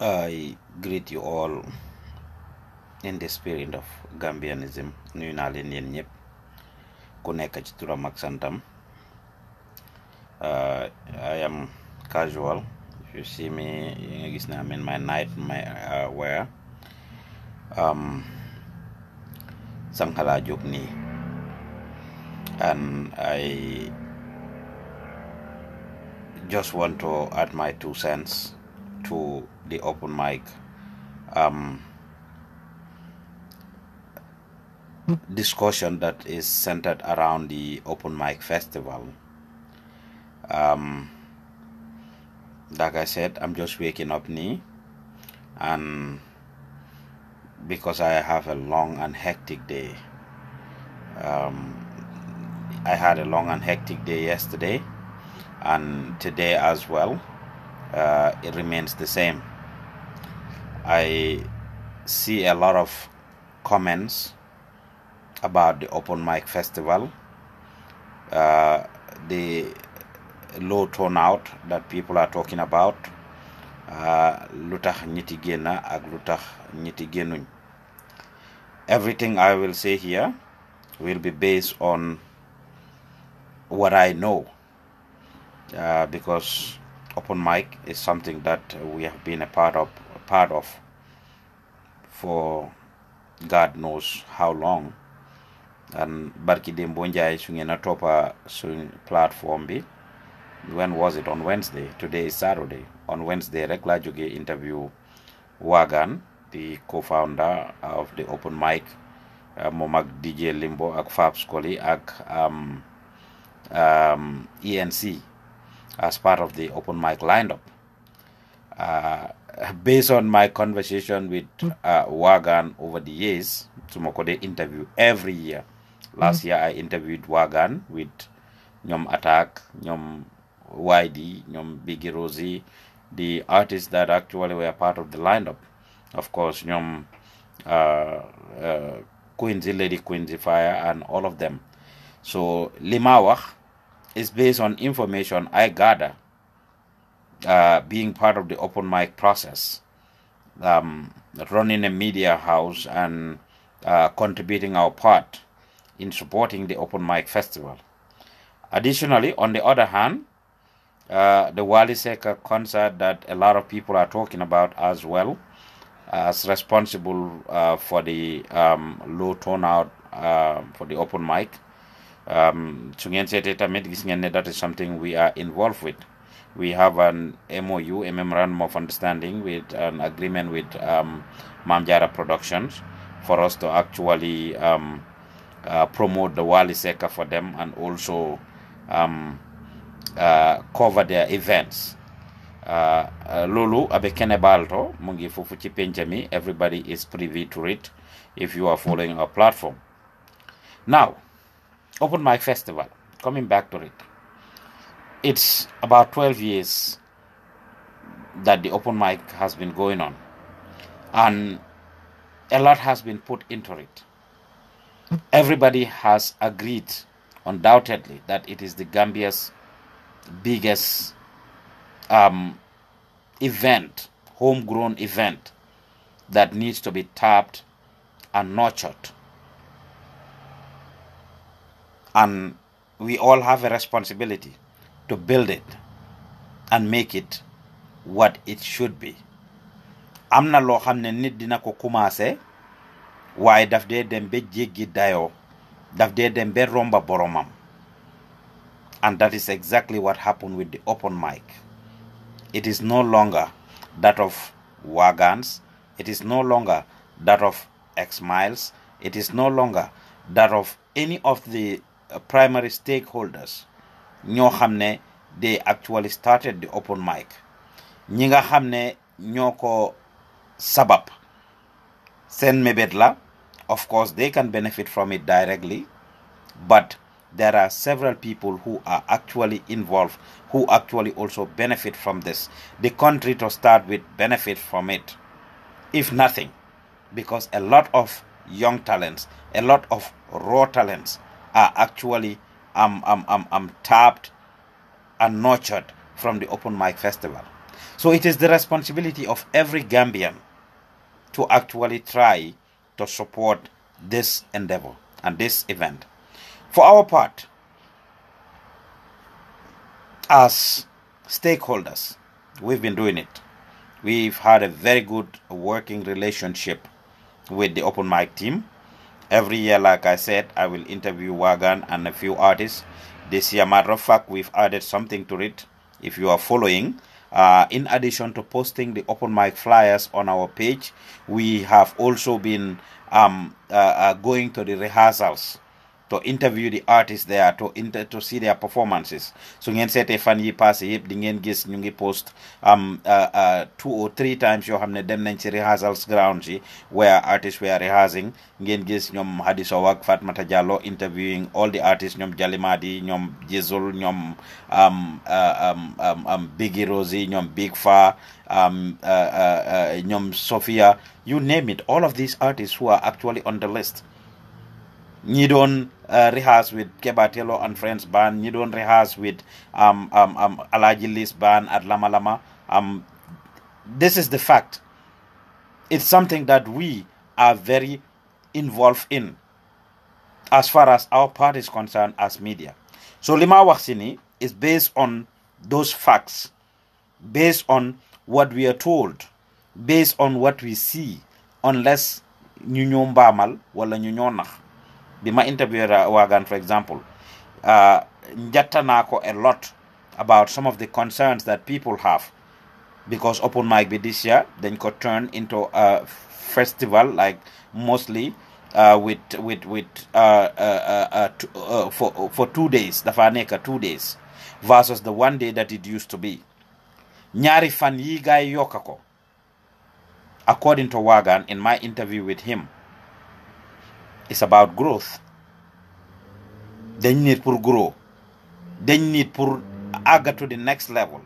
I greet you all in the spirit of Gambianism nuyu uh, I am casual if you see me I nga am in my night my uh, wear Um. laa jóg and I just want to add my two cents to the open mic. Um, discussion that is centered around the open mic festival. Um, like I said, I'm just waking up now, and because I have a long and hectic day. Um, I had a long and hectic day yesterday, and today as well uh, it remains the same. I see a lot of comments about the open mic festival, uh, the low turnout that people are talking about, uh, Everything I will say here will be based on what I know uh, because open mic is something that we have been a part of a part of for God knows how long and barki dembo njay su ngeen a toppa suñ platform bi when was it on wednesday today is saturday on wednesday regular juge interview Wagan, the co-founder of the open mic uh, moom dj limbo ak Fabs Koli ak um, um, enc as part of the open mic lineup. Uh, based on my conversation with uh, Wagan over the years, the interview every year. Last mm-hmm. year I interviewed Wagan with Nyom Attack, Nyom YD, Nyom Biggie Rosie, the artists that actually were part of the lineup. Of course, Nyom uh, uh, Quincy, Lady Quincy Fire, and all of them. So, Limawah, is based on information I gather uh, being part of the open mic process, um, running a media house, and uh, contributing our part in supporting the open mic festival. Additionally, on the other hand, uh, the Wali Seka concert that a lot of people are talking about as well as responsible uh, for the um, low turnout uh, for the open mic su um, ngeen that is something we are involved with we have an MOU a memorandum of understanding with an agreement with um, Mam Productions for us to actually um, uh, promote the Wali Seka for them and also um, uh, cover their events. Uh, uh Lulu abekene balto mungi fufu chipenjami. Everybody is privy to it if you are following our platform. Now, Open Mic Festival, coming back to it, it's about 12 years that the open mic has been going on, and a lot has been put into it. Everybody has agreed, undoubtedly, that it is the Gambia's biggest um, event, homegrown event, that needs to be tapped and nurtured and we all have a responsibility to build it and make it what it should be. am na loo nit dina ko commencé waaye daf dee dem jéggi daf dem romba boromam and that is exactly what happened with the open mic it is no longer that of Wagans it is no longer that of X Miles it is no longer that of any of the uh, primary stakeholders ñoo xam they actually started the open mic ñi nga xam ne sabab seen mébét la of course they can benefit from it directly but there are several people who are actually involved who actually also benefit from this the country to start with benefit from it if nothing because a lot of young talents a lot of raw talents are actually um, um, um, um, tapped and nurtured from the Open Mic Festival. So it is the responsibility of every Gambian to actually try to support this endeavor and this event. For our part, as stakeholders, we've been doing it. We've had a very good working relationship with the Open Mic team. Every year, like I said, I will interview Wagan and a few artists. This year, matter of fact, we've added something to it. If you are following, uh, in addition to posting the open mic flyers on our page, we have also been um, uh, uh, going to the rehearsals to interview the artists there to inter to see their performances su ngeen seetee fan yi passé yëpp di ngeen gis ñu ngi post um, uh, uh, two or three times You have ne dem nañ ci rehearsals ground where artists were rehearsing ngeen gis ñoom Hadi Sow Fatmata interviewing all the artists ñoom Jalimadi um, uh, um um um Biggie Rosie have Big Faa ñoom um, Sophia you name it all of these artists who are actually on the list you don't uh, rehearse with Kebatelo and Friends band You don't rehearse with um, um, um, band at Lama Lama um, this is the fact it's something that we are very involved in as far as our part is concerned as media so lima waxini is based on those facts based on what we are told based on what we see unless ñu ñoo mbaamal wala be my interviewer uh, Wagan, for example, uh, Njatanako a lot about some of the concerns that people have because open mic be this year then got turned into a festival like mostly uh, with with with uh, uh, uh, uh to, for for two days the faneka two days versus the one day that it used to be nyari fan yi guy yokako according to wagan in my interview with him it's about growth They need pour grow They need pour aga to the next level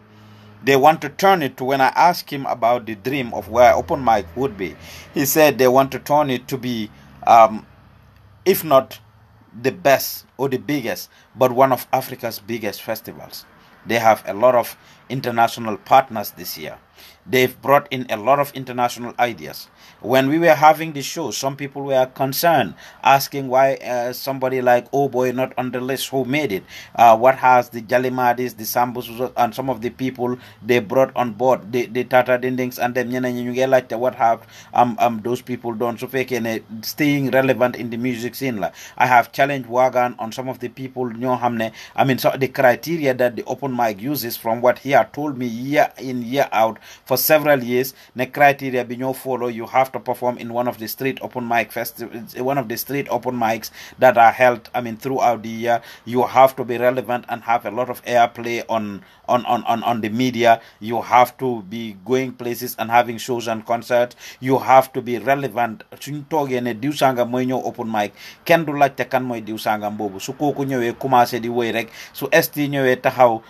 they want to turn it to when i asked him about the dream of where open mic would be he said they want to turn it to be um, if not the best or the biggest but one of africa's biggest festivals they have a lot of international partners this year They've brought in a lot of international ideas. When we were having the show, some people were concerned, asking why uh, somebody like Oh Boy not on the list who made it. Uh, what has the Jalimadis, the Sambus, and some of the people they brought on board, the, the Tata Dindings and the Nyana like what have um, um, those people done? So, staying relevant in the music scene. I have challenged Wagan on some of the people, I mean, so the criteria that the open mic uses from what he had told me year in, year out for several years ne criteria bi ñoo follow you have to perform in one of the street open mic festivals, one of the street open mics that are held i mean throughout the year you have to be relevant and have a lot of airplay on on on on, on the media you have to be going places and having shows and concerts you have to be relevant suñ toogee ne diw sangam mooy open mic kenn du laajte kan mooy diw sangam boobu su kooku ñëwee commencé di wéy rek su st ñëwee taxaw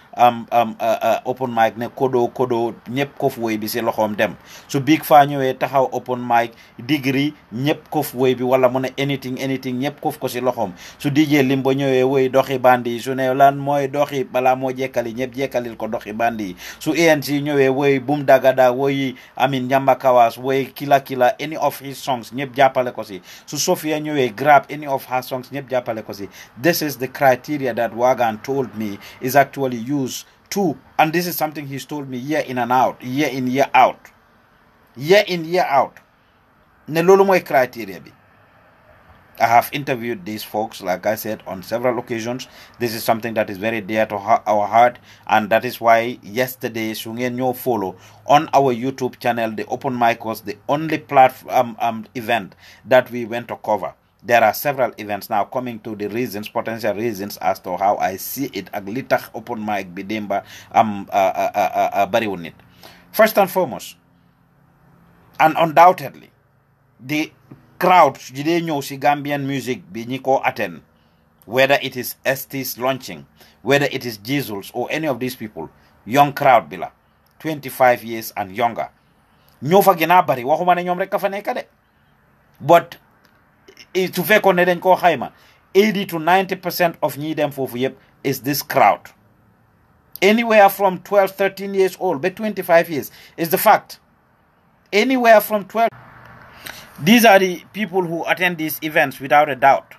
open mic ne kodo kodo ñëpp kof woy bi si loxoom dem su Big Faa ñëwee taxaw open mic digri ñëpp kof woy bi wala mu ne anything anything ñëpp kof ko si loxoom su DJ Limbo ñëwee woy doxi bandi yi su ne lan mooy doxi balaa moo jekkali ñëpp jekkalil ko doxi bandi yi su ANC e ñëwee woy bum dagada woy amin Njamba Kawaas woy kila kila any of his songs ñëpp jàppale ko si su Sophia ñëwee grab any of her songs ñëpp jàppale ko si this is the criteria that Wagan told me is actually used Two, and this is something he's told me year in and out, year in, year out. Year in, year out. Nelolomoy criteria I have interviewed these folks, like I said, on several occasions. This is something that is very dear to our heart, and that is why yesterday Sungenyo Follow on our YouTube channel, the Open Mic was the only platform um, um event that we went to cover there are several events now coming to the reasons, potential reasons as to how I see it. Aglitach upon my bidemba am um, uh, uh, uh, bariwunit. First and foremost, and undoubtedly, the crowd the ñew si Gambian music bi ñi attend, whether it Estes launching, whether it is Jesus or any of these people, young crowd bila, 25 years and younger. ñoo fa bari but Eh, to fekkoon on dañ koo 80 to 90 percent of ñiy for foofu is this crowd anywhere from 12 13 years old but 25 years is the fact anywhere from 12 these are the people who attend these events without a doubt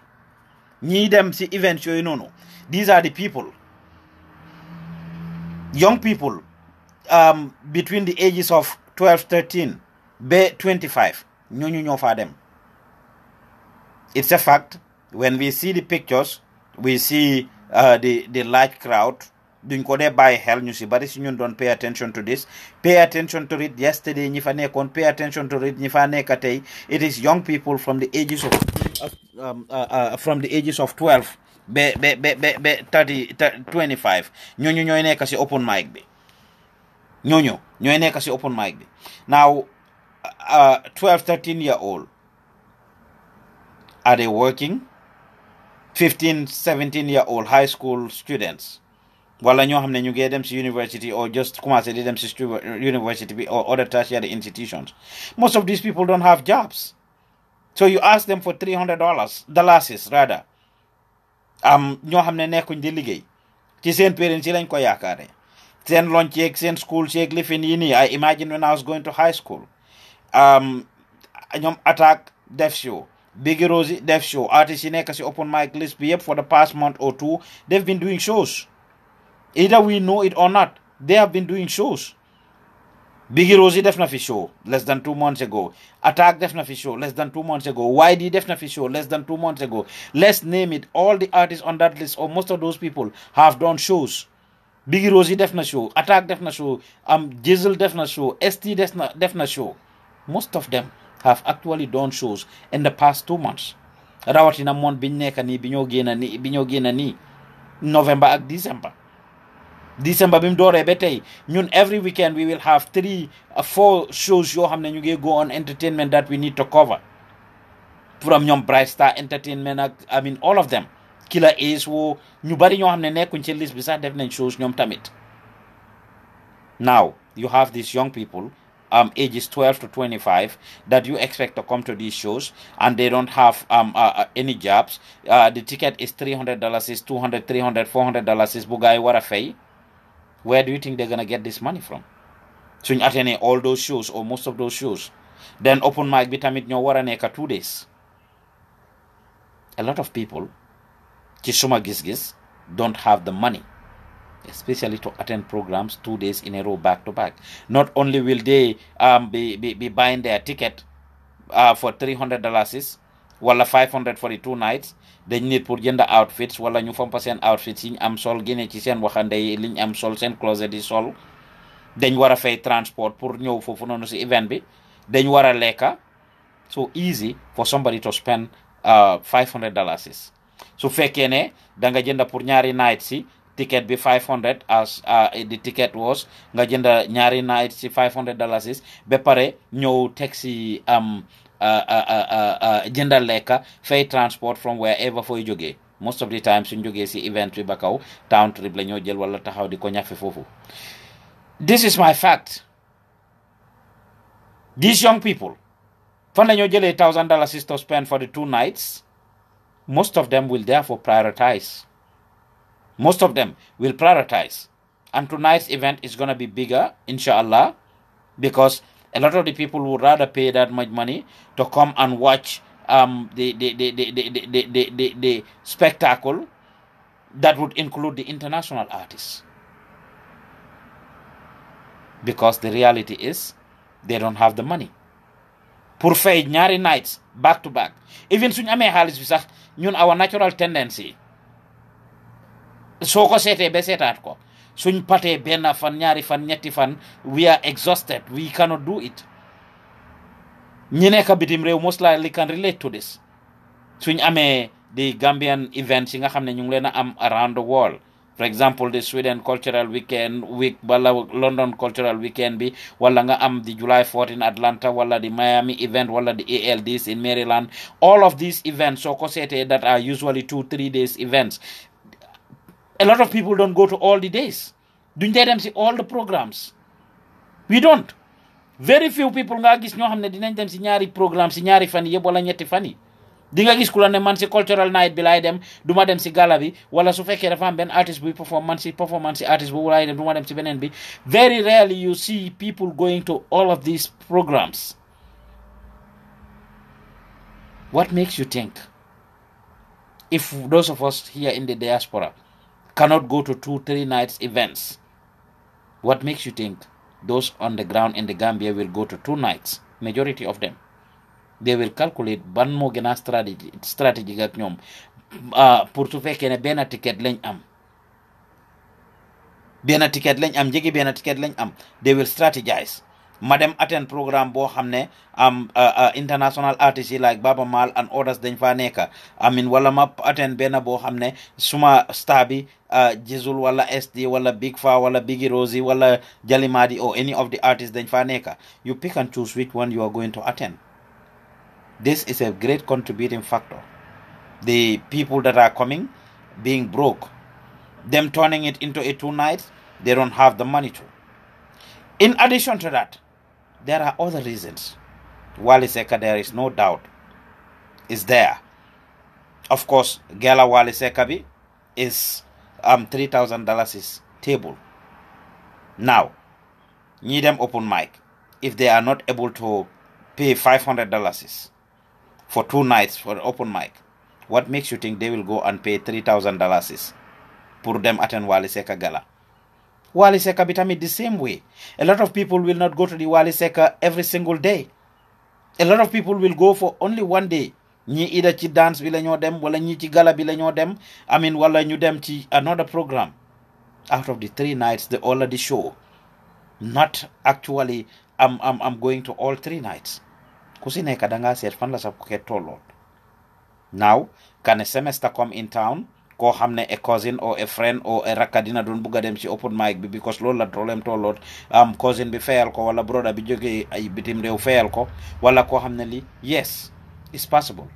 ñiy dem si events know no, these are the people young people um, between the ages of 12 13 ba 25 ñooñu ñoo faa dem it's a fact. When we see the pictures, we see uh, the the large crowd. duñ ko dee bàyyi xel ñu si bari you don't pay attention to this pay attention to it yesterday ñi fa nekkoon pay attention to it ñi fa nekk it is young people from the ages of um, uh, uh, from the ages of twelve be be be be be thirty twenty five ñooñu ñooy nekk si open mic bi ñooñu ñooy nekk si open mic bi now uh, twelve thirteen year old are they working? 15, 17 year old high school students. wala ñoo xam ne ñu ngee dem si university or just commencé di dem uh, university bi or other tertiary institutions most of these people don't have jobs so you ask them for three hundred dollars lasses, rather am ñoo xam ne nekkuñ di liggéey ci seen parents yi lañ ko yaakaare seen lunch yeeg seen school lifin yi nii I imagine when I was going to high school ñoom attack def show Biggie Rosie Def Show, Artist Inekasi Open Mic List yep, for the past month or two. They've been doing shows. Either we know it or not, they have been doing shows. Biggie Rosie definitely show less than two months ago. Attack definitely show less than two months ago. YD definitely show less than two months ago. Let's name it. All the artists on that list, or most of those people, have done shows. Biggie Rosie definitely show, Attack definitely show, um, Jizzle definitely show, ST definitely show. Most of them have actually done shows in the past two months rawatina moon biñ nekk nii bi ni génn nii ni ñoo génn nii november ak december december bim mu dooree ba tey every weekend we will have three uh, four shows yoo xam ne ñu go on entertainment that we need to cover from ñoom Bright Star entertainment ak I mean all of them Killer Ace woo ñu bari ñoo xam ne nekkuñ list bi sax shows ñoom tamit now you have these young people um, ages 12 to 25 that you expect to come to these shows and they don't have um, uh, uh any jobs. Uh, the ticket is $300, is $200, $300, $400, is Bugai Warafei. Where do you think they're going to get this money from? So you attend all those shows or most of those shows. Then open mic bitamit nyo waraneka two days. A lot of people, kishuma gizgiz, don't have the money especially to attend programs two days in a row back to back. Not only will they um, be, be, be buying their ticket uh, for $300 is, wala 500 for the two nights, They need pour jënd outfits wala new form percent outfits yi am sol génne ci seen waxande yi li ñu am sol seen closet all. Then you are a fair transport for ñëw for noonu si event Then you are a lekka so easy for somebody to spend uh, 500 dollars So fekkee ne da nga jënd pour ñaari night si ticket bi 500 as uh, the ticket was nga jënd ñaari night ci 500 dollars is Be pare ñëw taxi si am um, jëndal lekka fay transport from wherever fooy jógee most of the time suñ jógee si event bi ba town trip la ñoo jël wala taxaw di ko ñafe foofu this is my fact these young people fan la ñoo jëlee thousand dollars to spend for the two nights most of them will therefore prioritize most of them will prioritize. And tonight's event is going to be bigger, inshallah, because a lot of the people would rather pay that much money to come and watch um, the, the, the, the, the, the, the, the, the spectacle that would include the international artists. Because the reality is they don't have the money. pour fay ñaari nights back to back even suñu amee xaalis bi sax ñun our natural tendency soo ko seetee ba seetaat ko suñ pate benn fan ñaari fan ñetti fan we are exhausted we cannot do it ñi nekk bitim réew most likely can relate to this suñ amee the Gambian events yi nga xam ne ñu ngi leen a am around the world for example the Sweden cultural weekend week wala London cultural weekend bi wala nga am the July 14 Atlanta wala the Miami event wala the ALDs in Maryland all of these events soo ko seetee that are usually two three days events a lot of people don't go to all the days duñ dee dem see all the programmes we don't very few people nga gis ñoo xam ne dinañ dem si ñaari programme si ñaari fan yi yëpp wala ñetti fan yi di nga gis ku la ne man si cultural night bi laay dem du ma dem si gala bi wala su fekkee dafa am benn artiste buy perform man si performance si artiste bu laay dem du ma dem si beneen bi very rarely you see people going to all of these programs what makes you think if those of us here in the diaspora cannot go to two, three nights events. What makes you think those on the ground in the Gambia will go to two nights? Majority of them. They will calculate ban moo gën strategy. stratégie stratégie ak ah, pour ticket lañ am benn ticket lañ am njëgi benn ticket lañ am they will strategize ma dem attend programme boo xam ne am international artistes yi like Baba Mal and others dañ faa nekk I mean wala ma attend benn boo xam ne suma star bi Jizzle wala SD wala Big Faa wala Biggie Rose wala Jalimadi or any of the artists dañ faa nekk you pick and choose which one you are going to attend this is a great contributing factor the people that are coming being broke them turning it into a two nights they don't have the money to in addition to that there are other reasons. Wali Seka, there is no doubt, is there. Of course, Gala Wali Sekabi is um, $3,000 is table. Now, need them open mic. If they are not able to pay $500 for two nights for open mic, what makes you think they will go and pay $3,000 for them attend Wali Seka Gala? Wali Seka Bitami the same way. A lot of people will not go to the Wali Seka every single day. A lot of people will go for only one day. ñi ida ci dance bi la ñoo dem wala ñi ci gala bi la ñoo dem wala ñu dem ci another program out of the three nights they already show not actually am am am going to all three nights ku si da ngaa seet fan la sa ko now can a semester come in town koo xam ne a cousin or a friend or a rakka dina doon bugg dem si open mic bi because loolu la problème tolloot am cousin bi fayal ko wala broda bi joge ay bitim réew fayal ko walla koo xam ne lii yes it's possible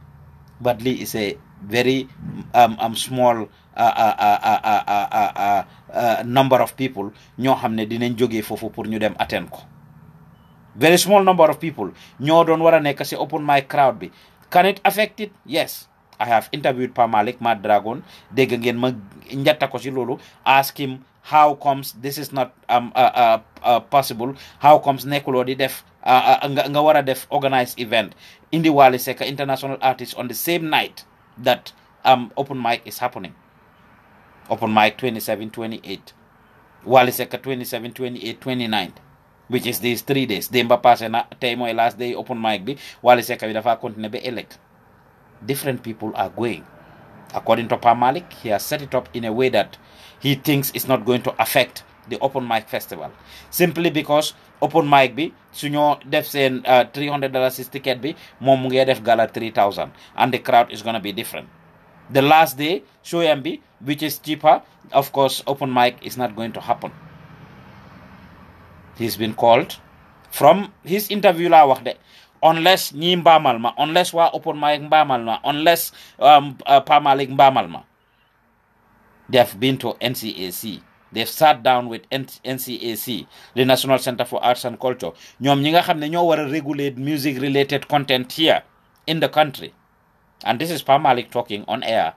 but lii a very am small number of people ñoo xam ne dinañ jógee foofu pour ñu dem attend ko very small number of people ñoo doon war a nekk si open mic crowd bi can it affect it yes I have interviewed Pa Malik Mad Dragon dégg ma njatta ko si loolu ask him how comes this is not um, uh, uh, uh, possible how comes nekkuloo di def nga war a def organized event indi Wally Seck international artist on the same night that um, open mic is happening open mic 27 28 Wally Seck 27 28 29 which is these three days démb passé na tey mooy last open mic bi Wally Seck bi dafa continuer different people are going. According to Pa Malik, he has set it up in a way that he thinks it's not going to affect the open mic festival simply because open mic be su def seen uh, 300 dollars si ticket be moom mu def gala 3000 and the crowd is gonna be different the last day show M B, which is cheaper of course open mic is not going to happen he's been called from his interview wax de unless ñi mbaamal unless Wa open mic mbaamal unless um, uh, pamalik mbaamal they have been to ncac they've sat down with ncac the national center for arts and culture ñoom ñi nga xam ne ñoo regulate music related content here in the country and this is pamalik talking on air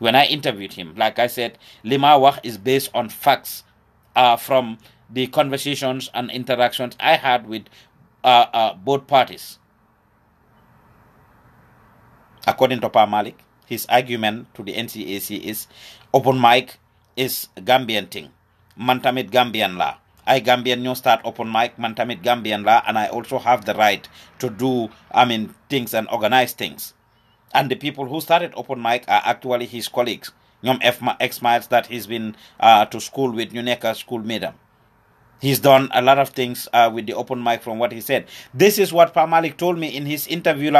when i interviewed him like i said lima wax is based on facts uh, from the conversations and interactions i had with uh, uh, both parties According to Pa Malik, his argument to the NCAC is open mic is Gambian thing. Mantamit Gambian law. I Gambian you start open mic, Mantamit Gambian law, and I also have the right to do I mean things and organize things. And the people who started open mic are actually his colleagues. Nyom F X miles that he's been uh, to school with Nuneka school madam. He's done a lot of things uh, with the open mic from what he said. This is what Pamalik told me in his interview.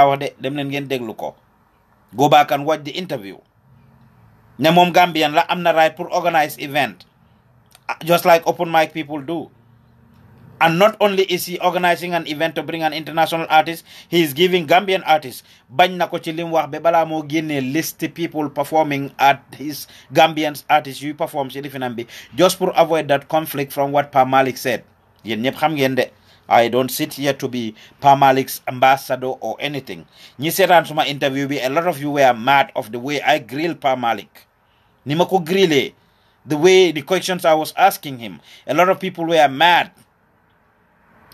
Go back and watch the interview. Ne mom Gambian la am na right pour organize event. Ah, just like open mic people do. And not only is he organizing an event to bring an international artist, he is giving Gambian artists. Bañ na ko ci lim wax be bala mo génné list people performing at his Gambian artists you perform ci Just pour avoid that conflict from what Pa Malik said. Yeen ñep xam ngeen de. I don't sit here to be Parmalix ambassador or anything. Nyisera Nsuma interview me, a lot of you were mad of the way I grill Parmalik. Nimako grille. The way the questions I was asking him. A lot of people were mad.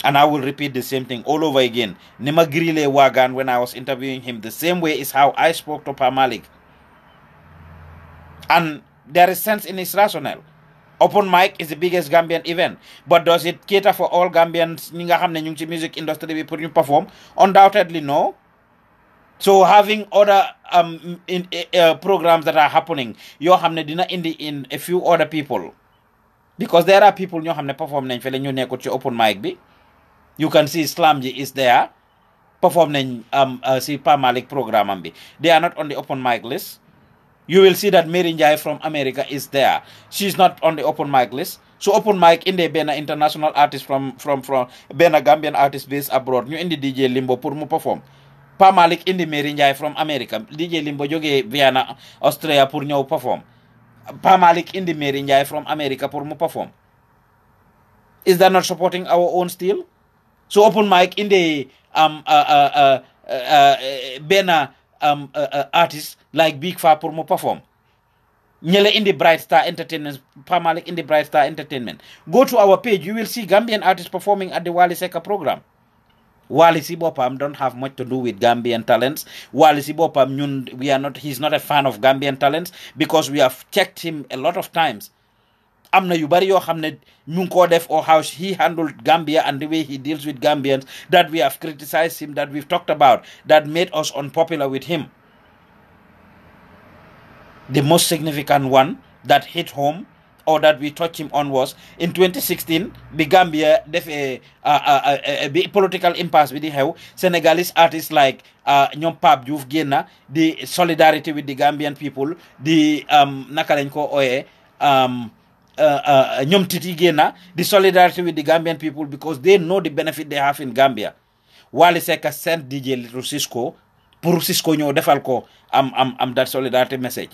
And I will repeat the same thing all over again. Nimagrile Wagan, when I was interviewing him, the same way is how I spoke to Parmalik. And there is sense in his rationale open mic is the biggest Gambian event but does it cater for all Gambians ñi nga xam ñu ci music industry bi pour ñu perform undoubtedly no so having other um in, uh, programs that are happening yoo xam ne dina indi in a few other people because there are people ñoo xam ne perform nañ fële ñu nekkut ci open mic bi you can see slam ji is there perform nañ um uh, si Malik programme bi they are not on the open mic list you will see that Mary Njai from America is there. She's not on the open mic list. So open mic in the Bena international artist from from from Bena Gambian artist based abroad. New in the DJ Limbo purmo perform. Pa Malik in the Mary Njai from America. DJ Limbo joge Vienna Australia pour perform. Pa Malik in the Mary Njai from America purmo perform. Is that not supporting our own still? So open mic in the um uh uh uh, uh, uh Bena um, uh, uh, artists like Big Fa perform. mu perform ñele bright star entertainment pamalik the bright star entertainment go to our page you will see gambian artists performing at the wali seka program wali si don't have much to do with gambian talents wali si we are not he's not a fan of gambian talents because we have checked him a lot of times am na yu bari yoo xam ñu def or how he handled Gambia and the way he deals with Gambians that we have criticized him that we've talked about that made us unpopular with him the most significant one that hit home or that we touched him on was in 2016 The Gambia def eh, political impasse with the Senegalese artists like uh, ñoom Pape Diouf génna solidarity with the Gambian people the um, naka lañ ko um, ñoom uh, uh, uh, Titi Guèye di solidarity with the Gambian people because they know the benefit they have in Gambia. Wally Seck sent DJ Little Cisco pour Cisco ñëw defal ko am am am that solidarity message.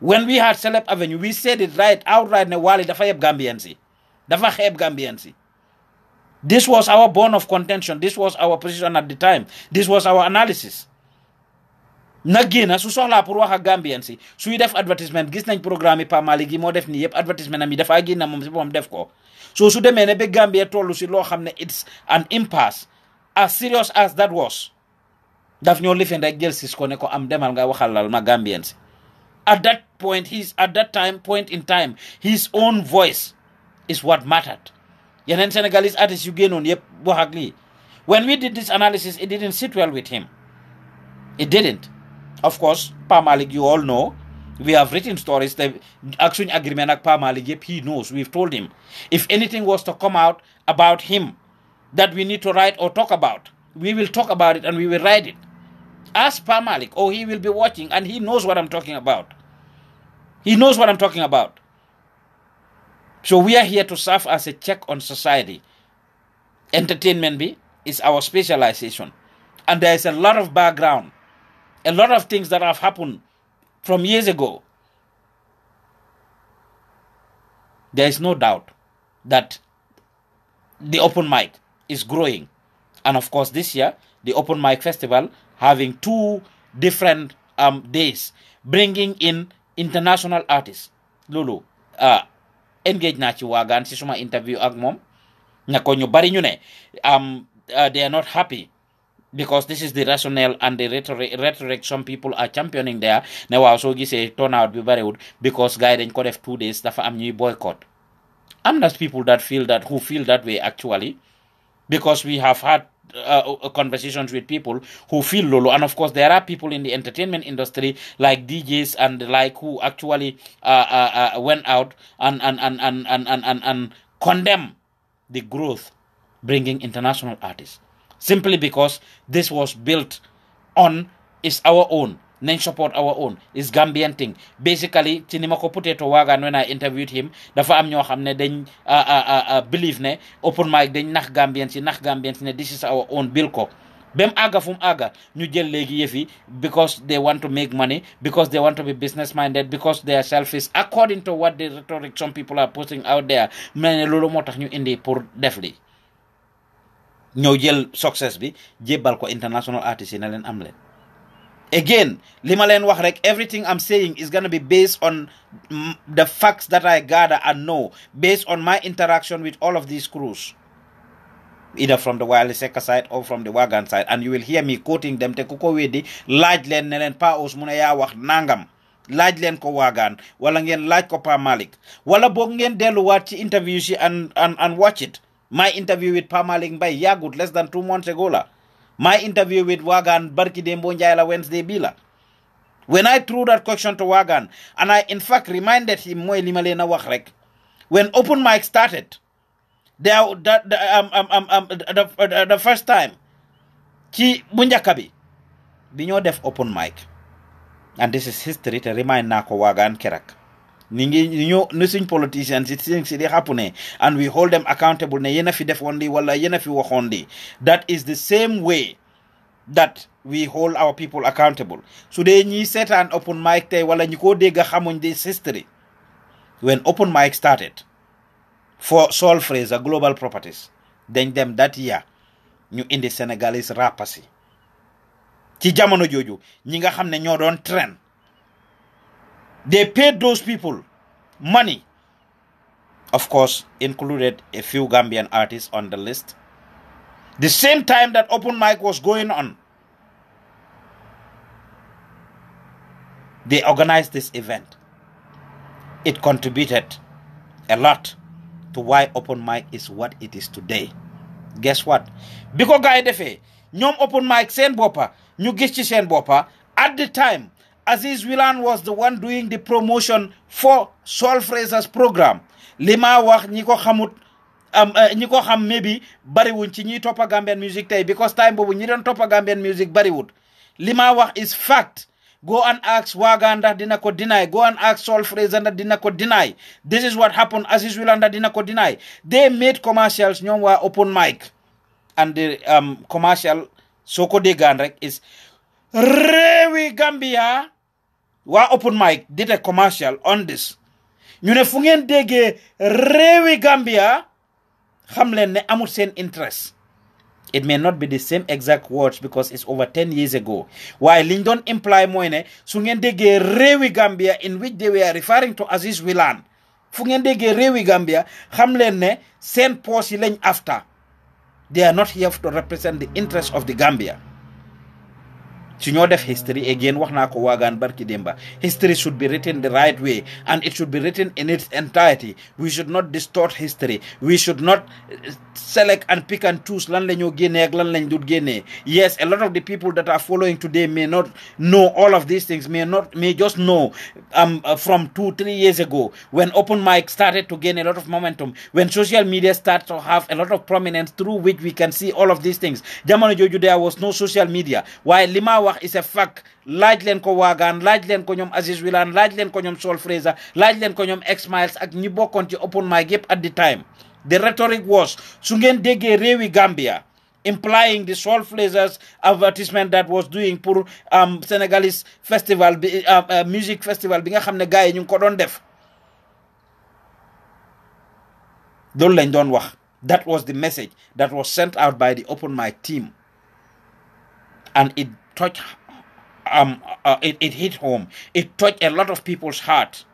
When we had Celeb Avenue we said it outright ne Wally dafa yeb Gambians dafa xeeb Gambians yi. This was our bone of contention. This was our position at the time. This was our analysis. na génna su soxlaa pour wax ak Gambien si suy def advertisement gis nañ programme yi Pamali gi moo def advertisement am yi dafaa génna moom si moom def ko so su demee ne ba Gambia toll si loo xam it's an impasse as serious as that was daf ñoo lifin rek jël sis ko ne ko am demal nga waxalal ma si at that point his at that time point in time his own voice is what mattered yeneen Senegalese artistes yu génnoon yëpp wax ak lii when we did this analysis it didn't sit well with him it didn't of course, Pamalig, you all know, we have written stories. The action agreement at Pamalig, he knows. We've told him. If anything was to come out about him that we need to write or talk about, we will talk about it and we will write it. Ask Pamalik, or oh, he will be watching and he knows what I'm talking about. He knows what I'm talking about. So we are here to serve as a check on society. Entertainment be is our specialization. And there is a lot of background a lot of things that have happened from years ago. There is no doubt that the open mic is growing. And of course, this year, the open mic festival having two different um, days, bringing in international artists. Lulu, uh, engage na ci si suma interview ak na konyo ñu um, uh, they are not happy because this is the rationale and the rhetoric, rhetoric some people are championing there ne waaw soo gisee turnout very good because gars yi dañ ko two days i am new boycott i am not people that feel that who feel that way actually because we have had uh, uh, conversations with people who feel lolo and of course there are people in the entertainment industry like djs and like who actually uh, uh, uh, went out and and, and, and, and, and, and, and condemn the growth bringing international artists simply because this was built on is our own name support our own is Gambian thing basically ci ni ma Wagan when I interviewed him dafa am ñoo xam ne dañ believe ne open mic dañ nax Gambians yi nax Gambians ne this is our own bilko. bem aga fum aga ñu jël léegi yëf because they want to make money because they want to be business minded because they are selfish according to what the rhetoric some people are putting out there many ne loolu moo tax ñu indi pour def ñëw jël success bi Jebal ko international artist yi na leen am leen again li ma leen wax rek everything i'm saying is gonna be based on the facts that i gather and know based on my interaction with all of these crews either from the wireless Secker side or from the wagon side and you will hear me quoting them te ku ko weddi laaj leen ne leen Pa mu ne yaa wax nangam laaj leen ko Wagan wala ngeen laaj ko Pa Malik. wala boog ngeen delluwaat ci interviews yi and and and watch it my interview with Pamaling by Yagut less than two months ago. La. My interview with Wagan Barki Dembo Wednesday Bila. When I threw that question to Wagan, and I in fact reminded him Moy Limalena Wakrek, when open mic started, the, the, um, um, um, um, the, the first time, ki Bunjakabi, binyo def open mic. And this is history to remind na ko Wagan Kerak. ningi nursing politicians it seems it happening and we hold them accountable ne yena fi def ondi wala yena fi wax ondi that is the same way that we hold our people accountable su dee ñi seetaan open mic tey wala ñi ko dégg xamuñ this history when open mic started for Sol Fraser global properties dañ dem that year ñu indi sénégalais rappasi ci jamono jooju ñi nga xam ne ñoo doon train They paid those people money. Of course, included a few Gambian artists on the list. The same time that open mic was going on, they organized this event. It contributed a lot to why open mic is what it is today. Guess what? Because guy defe, ñom open mic sen bopa, ñu gis ci sen bopa at the time Aziz Wilan was the one doing the promotion for Sol programme li maa wax ñi ko xamut am eh, ñi ko xam maybe bariwuñ ci ñiy toppa Gambian music tey because time boobu ñi doon toppa Gambian music li maa wax is fact go and ask Waga dina ko deny go and ask Sol Fraser dina ko deny this is what happened Aziz Wilan dina ko deny they made commercials ñoom waa open mic and the um, commercial soo ko déggaan rek is réewi Gambia wa open mic did a commercial on this ñu ne fu Gambia hamlen ne amul seen interest it may not be the same exact words because it's over ten years ago why liñ doon imply mooy ne su Gambia in which they were referring to Aziz Wilan fu ngeen déggee Gambia hamlen ne seen poos yi lañ after they are not here to represent the interest of the Gambia ci ñoo def history again wax naa ko waagaan barki démba history should be written the right way and it should be written in its entirety we should not distort history we should not eh, select and pick and choose lan la ñoo génnee ak lan lañ génnee yes a lot of the people that are following today may not know all of these things may not may just know um, uh, from two three years ago when open mic started to gain a lot of momentum when social media started to have a lot of prominence through which we can see all of these things jamono jooju there was no social media waaye lima wax is a fact laaj leen ko waagaan laaj leen ko ñoom Aziz Wilane laaj leen ko ñoom Sol Fraser laaj leen ko ñoom X Miles ak ñi bokkoon ci open mic yëpp at the time the rhetoric was su ngeen déggee réewi Gambia implying the Sol Frasers advertisement that was doing pour um, Senegalese festival bi uh, uh, music festival bi nga xam ne gars yi ñu ko doon def loolu lañ doon wax that was the message that was sent out by the open mic team and it Touch, um, uh, it, it hit home. It touched a lot of people's heart.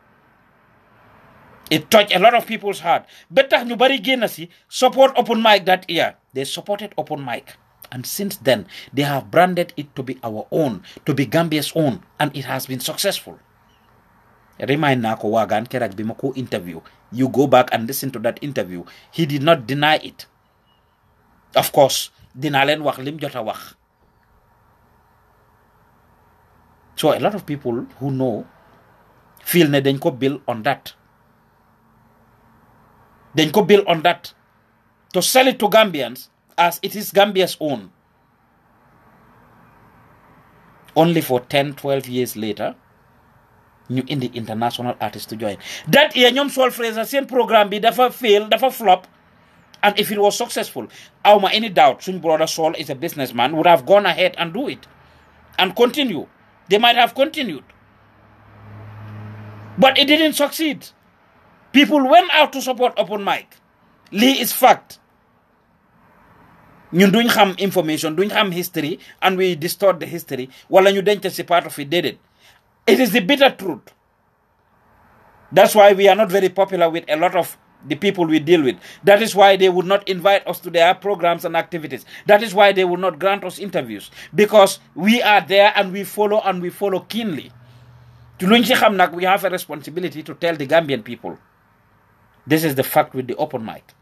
It touched a lot of people's heart. Better nobody gain support open mic that year. They supported open mic. And since then, they have branded it to be our own, to be Gambia's own, and it has been successful. Remind Nako Wagan Kerak Bimako interview. You go back and listen to that interview. He did not deny it. Of course, dinalen wak lim jota wak. so a lot of people who know feel ne dañ ko build on that They ko build on that to sell it to Gambians as it is Gambia's own only for 10 12 years later new indi international artist to join that year ñoom Sol Fraser programme be never fail never flop and if it was successful awma any doubt Twin brother Sol is a businessman would have gone ahead and do it and continue they might have continued. But it didn't succeed. People went out to support open Mike. Lee is fact. you don't have information don't have history and we distort the history wala not just a part of it did it? it is the bitter truth that's why we are not very popular with a lot of the people we deal with. That is why they would not invite us to their programs and activities. That is why they would not grant us interviews because we are there and we follow and we follow keenly. We have a responsibility to tell the Gambian people this is the fact with the open mic.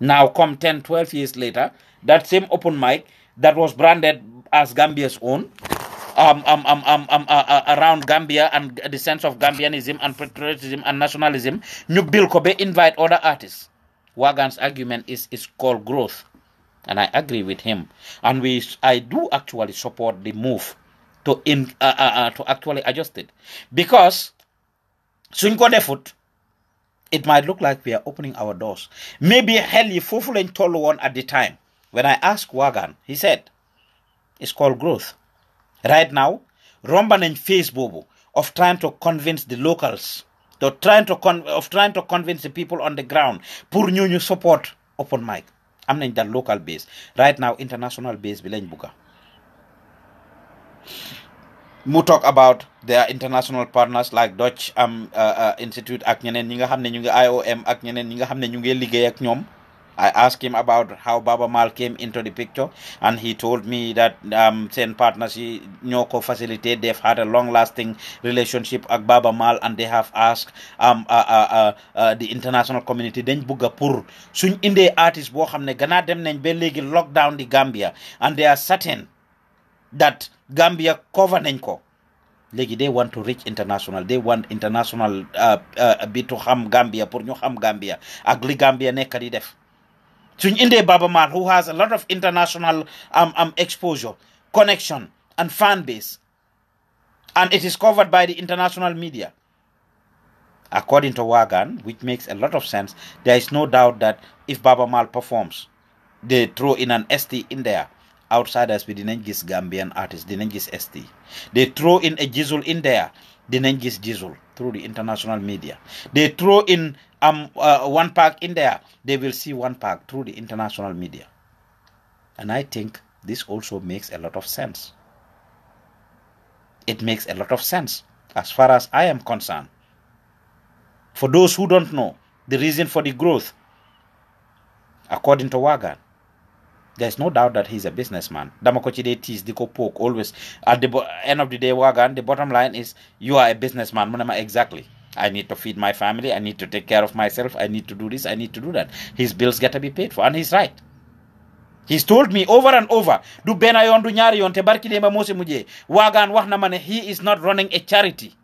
Now, come 10, 12 years later, that same open mic that was branded as Gambia's own um, um, um, um, um, uh, uh, around Gambia and the sense of Gambianism and patriotism and nationalism, New Bill Kobe invite other artists. Wagan's argument is is called growth, and I agree with him. And we, I do actually support the move to in uh, uh, uh to actually adjust it, because suñ it might look like we are opening our doors. Maybe hell you fofu and tall one at the time. When I asked Wagan, he said, it's called growth. right now romba nañ phase boobu of trying to convince the locals to trying to con of trying to convince the people on the ground pour ñu ñu support open mic am nañ dal local base right now international base bi lañ bugga mu talk about their international partners like Dutch am um, uh, uh, institute ak ñeneen ñi nga xam ne ñu ngi IOM ak ñeneen ñi nga xam ne ñu ngi liggéey ak ñoom I asked him about how Baba Mal came into the picture, and he told me that um, Sen Partnership Nyoko Facilitate, they've had a long lasting relationship with Baba Mal, and they have asked um, uh, uh, uh, uh the international community, dañ bëgg soon in the indee artist boo xam ne gannaaw dem nañ ba léegi lockdown Gambia, and they are certain that Gambia cover ko. they want to reach international they want international uh, uh, bi to Gambia pour ñu Gambia agli Gambia nekk di def. Tunjinde Babamal, who has a lot of international um, um, exposure, connection, and fan base, and it is covered by the international media. According to Wagan, which makes a lot of sense, there is no doubt that if Babamal performs, they throw in an ST in there. Outsiders with the Nengis Gambian artist, the Nengis ST. They throw in a Jizul in there. The denies diesel through the international media. They throw in um, uh, one park in there, they will see one park through the international media. And I think this also makes a lot of sense. It makes a lot of sense as far as I am concerned. For those who don't know, the reason for the growth, according to Wagan, there's no doubt that he's a businessman. Damakochide is Diko Poke always at the bo- end of the day, Wagan, the bottom line is you are a businessman. exactly. I need to feed my family. I need to take care of myself. I need to do this. I need to do that. His bills got to be paid for. And he's right. He's told me over and over, du bena yon du yon te barki mose muje. Wagan wahna he is not running a charity.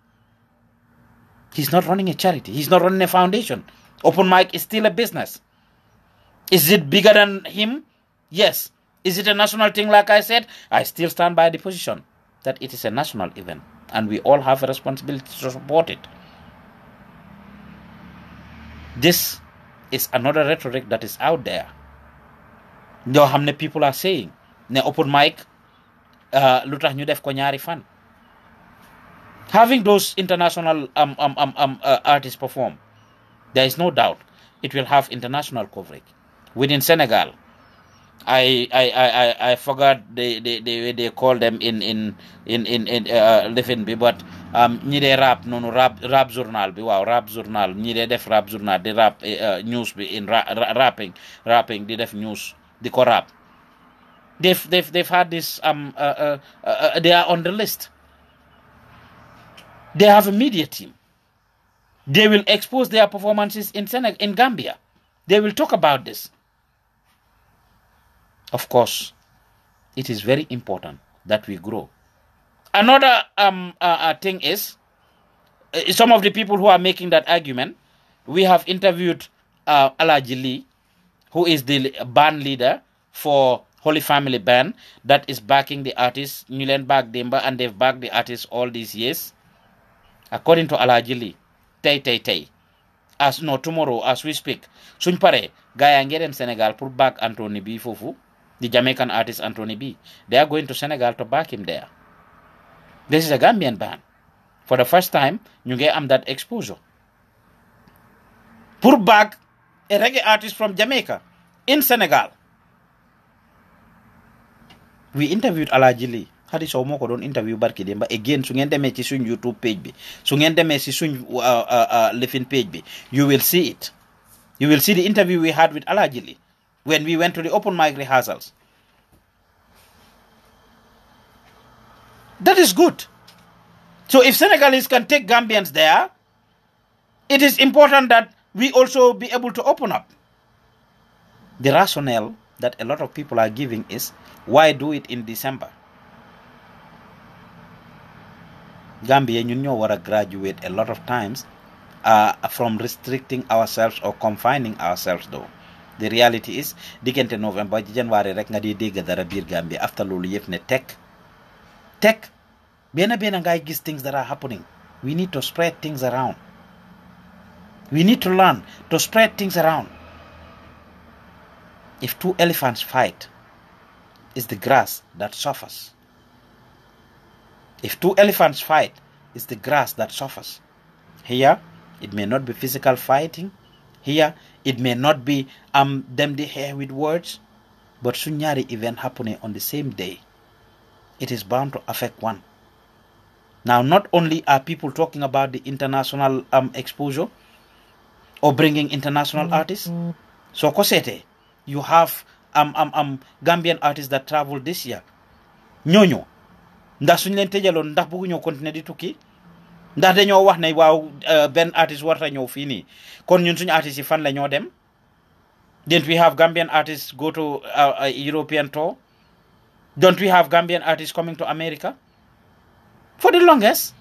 He's not running a charity. He's not running a foundation. Open mic is still a business. Is it bigger than him? Yes. Is it a national thing, like I said? I still stand by the position that it is a national event and we all have a responsibility to support it. This is another rhetoric that is out there. You know how many people are saying, ne open mic, uh, Lutra tax konyari def ko fan. Having those international um, um, um, um, uh, artists perform, there is no doubt it will have international coverage. Within Senegal, I I I I, forgot the the the they call them in in in in, in uh, living be but um ñi dee rap no rap rap journal be wow rap journal ñi dee def rap journal the rap eh, uh, news be in ra, ra, rapping rapping the def news the ko rap they've they've they've had this um uh, uh, uh, uh, they are on the list they have a media team they will expose their performances in Senegal in Gambia they will talk about this of course, it is very important that we grow. Another um, uh, uh, thing is uh, some of the people who are making that argument. We have interviewed uh, Alaji Lee, who is the band leader for Holy Family Band that is backing the artist Nuland Bag Demba, and they've backed the artist all these years. According to Alaji Lee, tay tay tay. As no tomorrow, as we speak, suñ pare, gaay ngi Sénégal pour back Anthony bi the Jamaican artist Anthony B. They are going to Senegal to back him there. This is a Gambian band. For the first time, you am that exposure. Pour baak a reggae artist from Jamaica in Senegal. We interviewed Alaji Lee. Hadi Sow moo ko doon interview barki dem ba again su ngeen demee ci suñ YouTube page bi su ngeen demee ci suñ uh, uh, uh, LinkedIn page bi you will see it you will see the interview we had with Alaji Lee when we went to the open mic rehearsals. That is good. So if Senegalese can take Gambians there, it is important that we also be able to open up. The rationale that a lot of people are giving is why do it in December? Gambia, you know, what I graduate a lot of times uh, from restricting ourselves or confining ourselves, though the reality is diggante november ba january rek nga dee dégg dara biir Gambia after loolu yëpp ne tek tek benn benn ngay gis things that are happening we need to spread things around we need to learn to spread things around if two elephants fight it's the grass that suffers if two elephants fight it's the grass that suffers here it may not be physical fighting here it may not be I'm um, damned hair with words, but Sunyari event happening on the same day, it is bound to affect one. Now, not only are people talking about the international um, exposure or bringing international mm-hmm. artists, so Kosete, you have um, um, um, Gambian artists that traveled this year. Nyonyo, ndasunye ntejalo ndabugu nyo di tuki, ndax dañoo wax ne waaw euh, benn artiste warta ñëw fii nii kon ñun suñu artistes yi fan la ñoo dem didn't we have Gambian artists go to uh, uh, European tour don't we have Gambian artists coming to America for the longest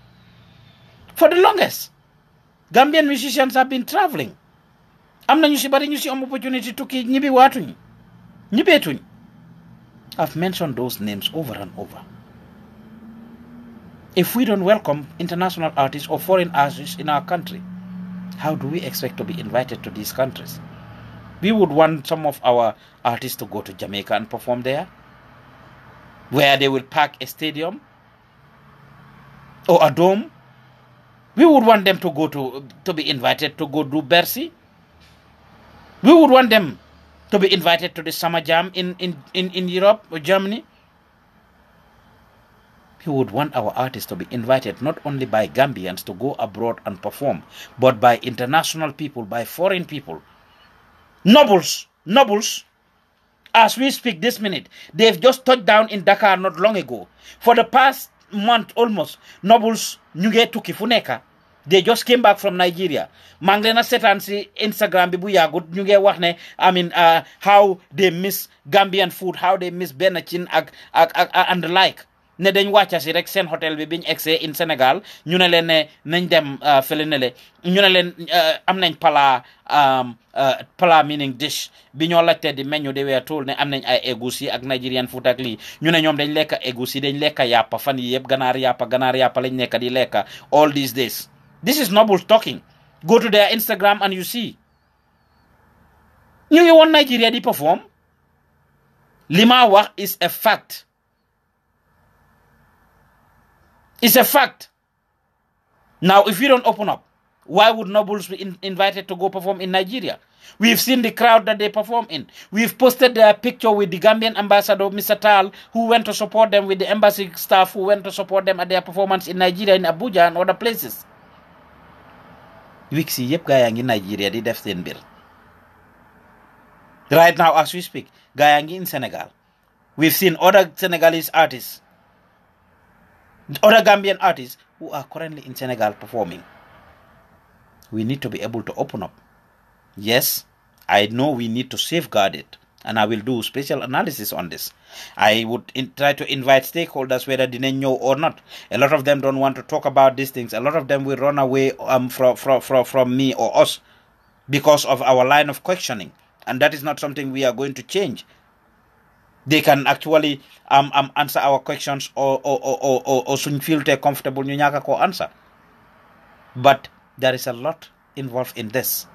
for the longest Gambian musicians have been travelling am na ñu si bari ñu si am opportunity tukki ñibbi waatuñ ñibbeetuñ I've mentioned those names over and over if we don't welcome international artists or foreign artists in our country, how do we expect to be invited to these countries? We would want some of our artists to go to Jamaica and perform there, where they will pack a stadium or a dome. We would want them to go to to be invited to go do Bercy. We would want them to be invited to the summer jam in, in, in, in Europe or Germany. He would want our artists to be invited not only by Gambians to go abroad and perform, but by international people, by foreign people. Nobles, nobles, as we speak this minute, they've just touched down in Dakar not long ago. For the past month almost, nobles Nyuge Tukifuneka, they just came back from Nigeria. Manglena setan Instagram bi bu yagut I mean uh, how they miss Gambian food, how they miss Benachin and the like. ne dañ wàcca si rek seen hôtel bi biñ egsee in senegal ñu ne leen ne nañ dem euh, fële ne le ñu ne leen euh, am nañ pala euh, pala meaning dish bi ñoo laajte di meñu de weer tuul ne am nañ ay egusi ak nigerian food ak lii ñu ne ñoom dañ lekka egusi dañ lekka yàppa fan yi yëpp ganaar yàppa ganaar yàppa lañ nekka di lekka all these days this is noble talking go to their Instagram and you see ñu ngi woon Nigeria di perform li ma wax is a fact It's a fact. Now, if you don't open up, why would nobles be in- invited to go perform in Nigeria? We've seen the crowd that they perform in. We've posted their picture with the Gambian ambassador, Mr. Tal, who went to support them with the embassy staff who went to support them at their performance in Nigeria, in Abuja, and other places. Wixi, yep gayangi Nigeria the def thing bill. Right now, as we speak, gayangi in Senegal. We've seen other Senegalese artists other Gambian artists who are currently in Senegal performing. We need to be able to open up. Yes, I know we need to safeguard it, and I will do special analysis on this. I would in, try to invite stakeholders, whether they know or not. A lot of them don't want to talk about these things. A lot of them will run away um, from, from, from, from me or us because of our line of questioning. And that is not something we are going to change they can actually um, um, answer our questions or or, or, or, or soon feel they're comfortable nyaka ko answer but there is a lot involved in this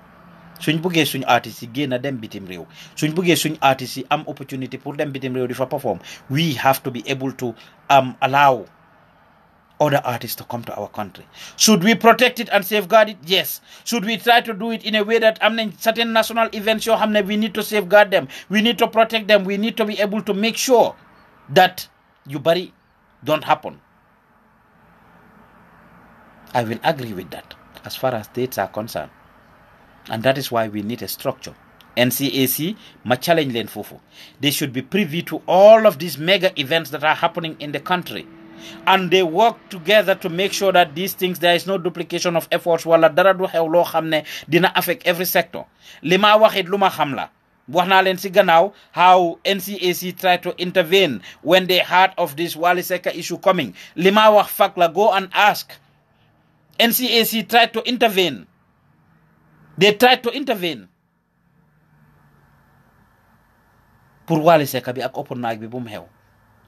Soon buge suñ soon yi génn dem bitim réew suñ bëggee suñ artiste am opportunity put them bitim réew di fa perform we have to be able to um, allow other artists to come to our country. Should we protect it and safeguard it? Yes. Should we try to do it in a way that I certain national events show we need to safeguard them, we need to protect them, we need to be able to make sure that you bury don't happen. I will agree with that as far as states are concerned. And that is why we need a structure. NCAC, my challenge Fufu. They should be privy to all of these mega events that are happening in the country. and they work together to make sure that these things there is no duplication of efforts wala dara du xew loo xam ne dina affect every sector li ma waxit lu ma xam la wax naa leen si gannaaw how NCAC tried to intervene when they heard of this Wally Secker issue coming li ma wax fak la go and ask NCAC tried to intervene they tried to intervene pour Wally Secker bi ak open mic bi bu mu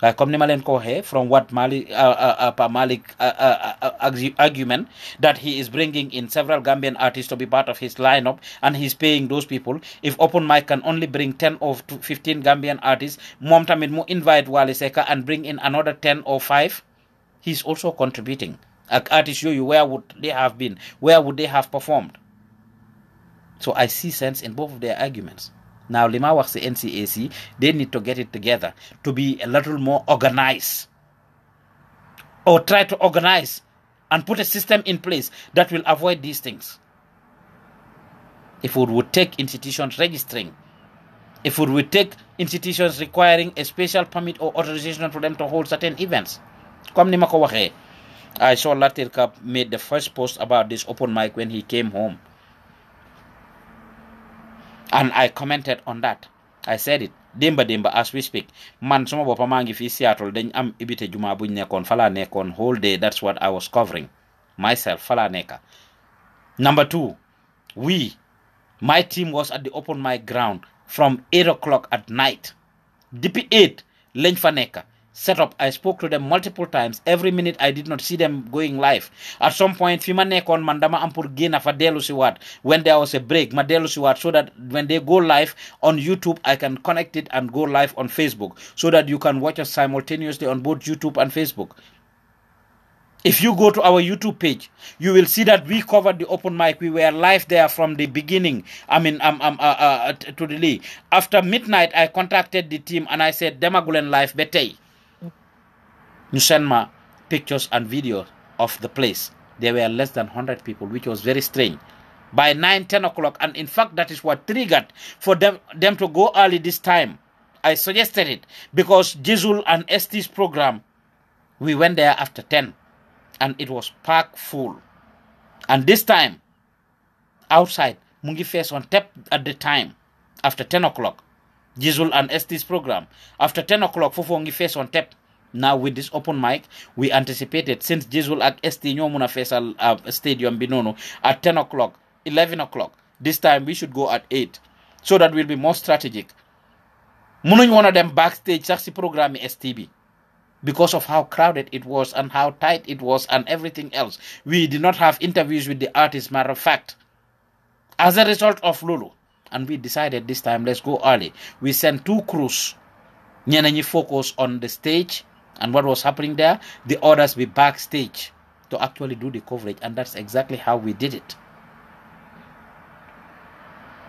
uh, comme ni ma leen ko waxee from what Malik uh, uh, uh Malik uh, uh, argument that he is bringing in several Gambian artists to be part of his lineup and he's paying those people if open mic can only bring 10 or 15 Gambian artists moom tamit mu invite wali seka and bring in another 10 or 5 he's also contributing ak artists you, where would they have been where would they have performed so I see sense in both of their arguments now, Lima works the NCAC, they need to get it together to be a little more organized or try to organize and put a system in place that will avoid these things. If we would take institutions registering, if we would take institutions requiring a special permit or authorization for them to hold certain events. I saw Latir Cup made the first post about this open mic when he came home. and I commented on that I said it démba démba as we speak man suma boppa maa ngi fii Seattle dañ am ibite juma buñ nekkoon falaa nekkoon whole day that's what I was covering myself falaa nekka number two we my team was at the open my ground from eight o'clock at night depuis eight lañ fa nekka setup. I spoke to them multiple times. Every minute I did not see them going live. At some point, Fimane mandama ampur gina fadelu siwat when there was a break, madelu siwat so that when they go live on YouTube, I can connect it and go live on Facebook so that you can watch us simultaneously on both YouTube and Facebook. If you go to our YouTube page, you will see that we covered the open mic. We were live there from the beginning. I mean, um, um, uh, uh, to the After midnight, I contacted the team and I said, Demagulen live, betay. You send me pictures and videos of the place. There were less than 100 people, which was very strange. By 9, 10 o'clock, and in fact, that is what triggered for them, them to go early this time. I suggested it because Jizul and Esti's program, we went there after 10 and it was packed full. And this time, outside, Mungi Face on tap at the time, after 10 o'clock, Jizul and Esti's program. After 10 o'clock, Fufongi Face on tap. Now with this open mic, we anticipated since this will at ST Nyomuna Faisal uh, Stadium Binono at 10 o'clock, 11 o'clock. This time we should go at 8 so that we'll be more strategic. one of them backstage sax ci programme STB because of how crowded it was and how tight it was and everything else. We did not have interviews with the artists, matter of fact. As a result of Lulu, and we decided this time let's go early. We sent two crews. Nyana focus on the stage and what was happening there? The orders be backstage to actually do the coverage, and that's exactly how we did it.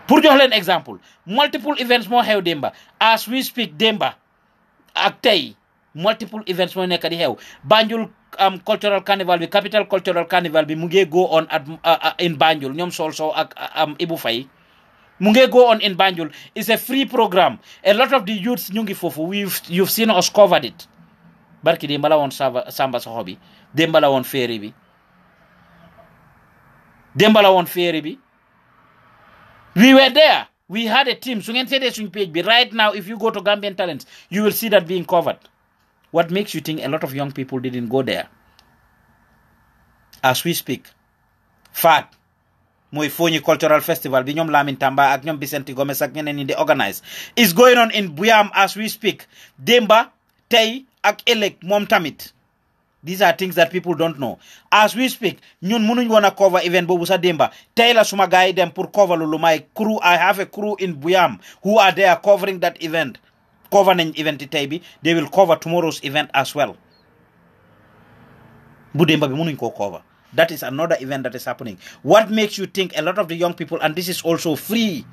put your leen example, multiple events more held démba as we speak démba ak multiple events more neka di Banjul um, cultural carnival the capital cultural carnival be mu go on at uh, uh, in Banjul ñoom solso Sow ak go on in Banjul it's a free programme a lot of the youths nyungi ngi we've you've seen us covered it barki démb la woon Samba so bi démb la woon féere bi démb la woon féere bi we were there we had a team su ngeen seetee suñ page bi right now if you go to Gambian Talents you will see that being covered what makes you think a lot of young people didn't go there as we speak faat mooy Fonyi cultural festival bi ñoom Lamin Tamba ak ñoom Vicente Gomez ak ñeneen ñi di organize is going on in Buyam as we speak démba tey ak ëllëg moom tamit these are things that people don't know as we speak ñun mënuñ wanna cover event boobu sa démba tey la suma gars dem pour cover loolu my crew I have a crew in Buyam who are there covering that event cover nañ event yi bi they will cover tomorrow's event as well bu démba bi mënuñ cover that is another event that is happening what makes you think a lot of the young people and this is also free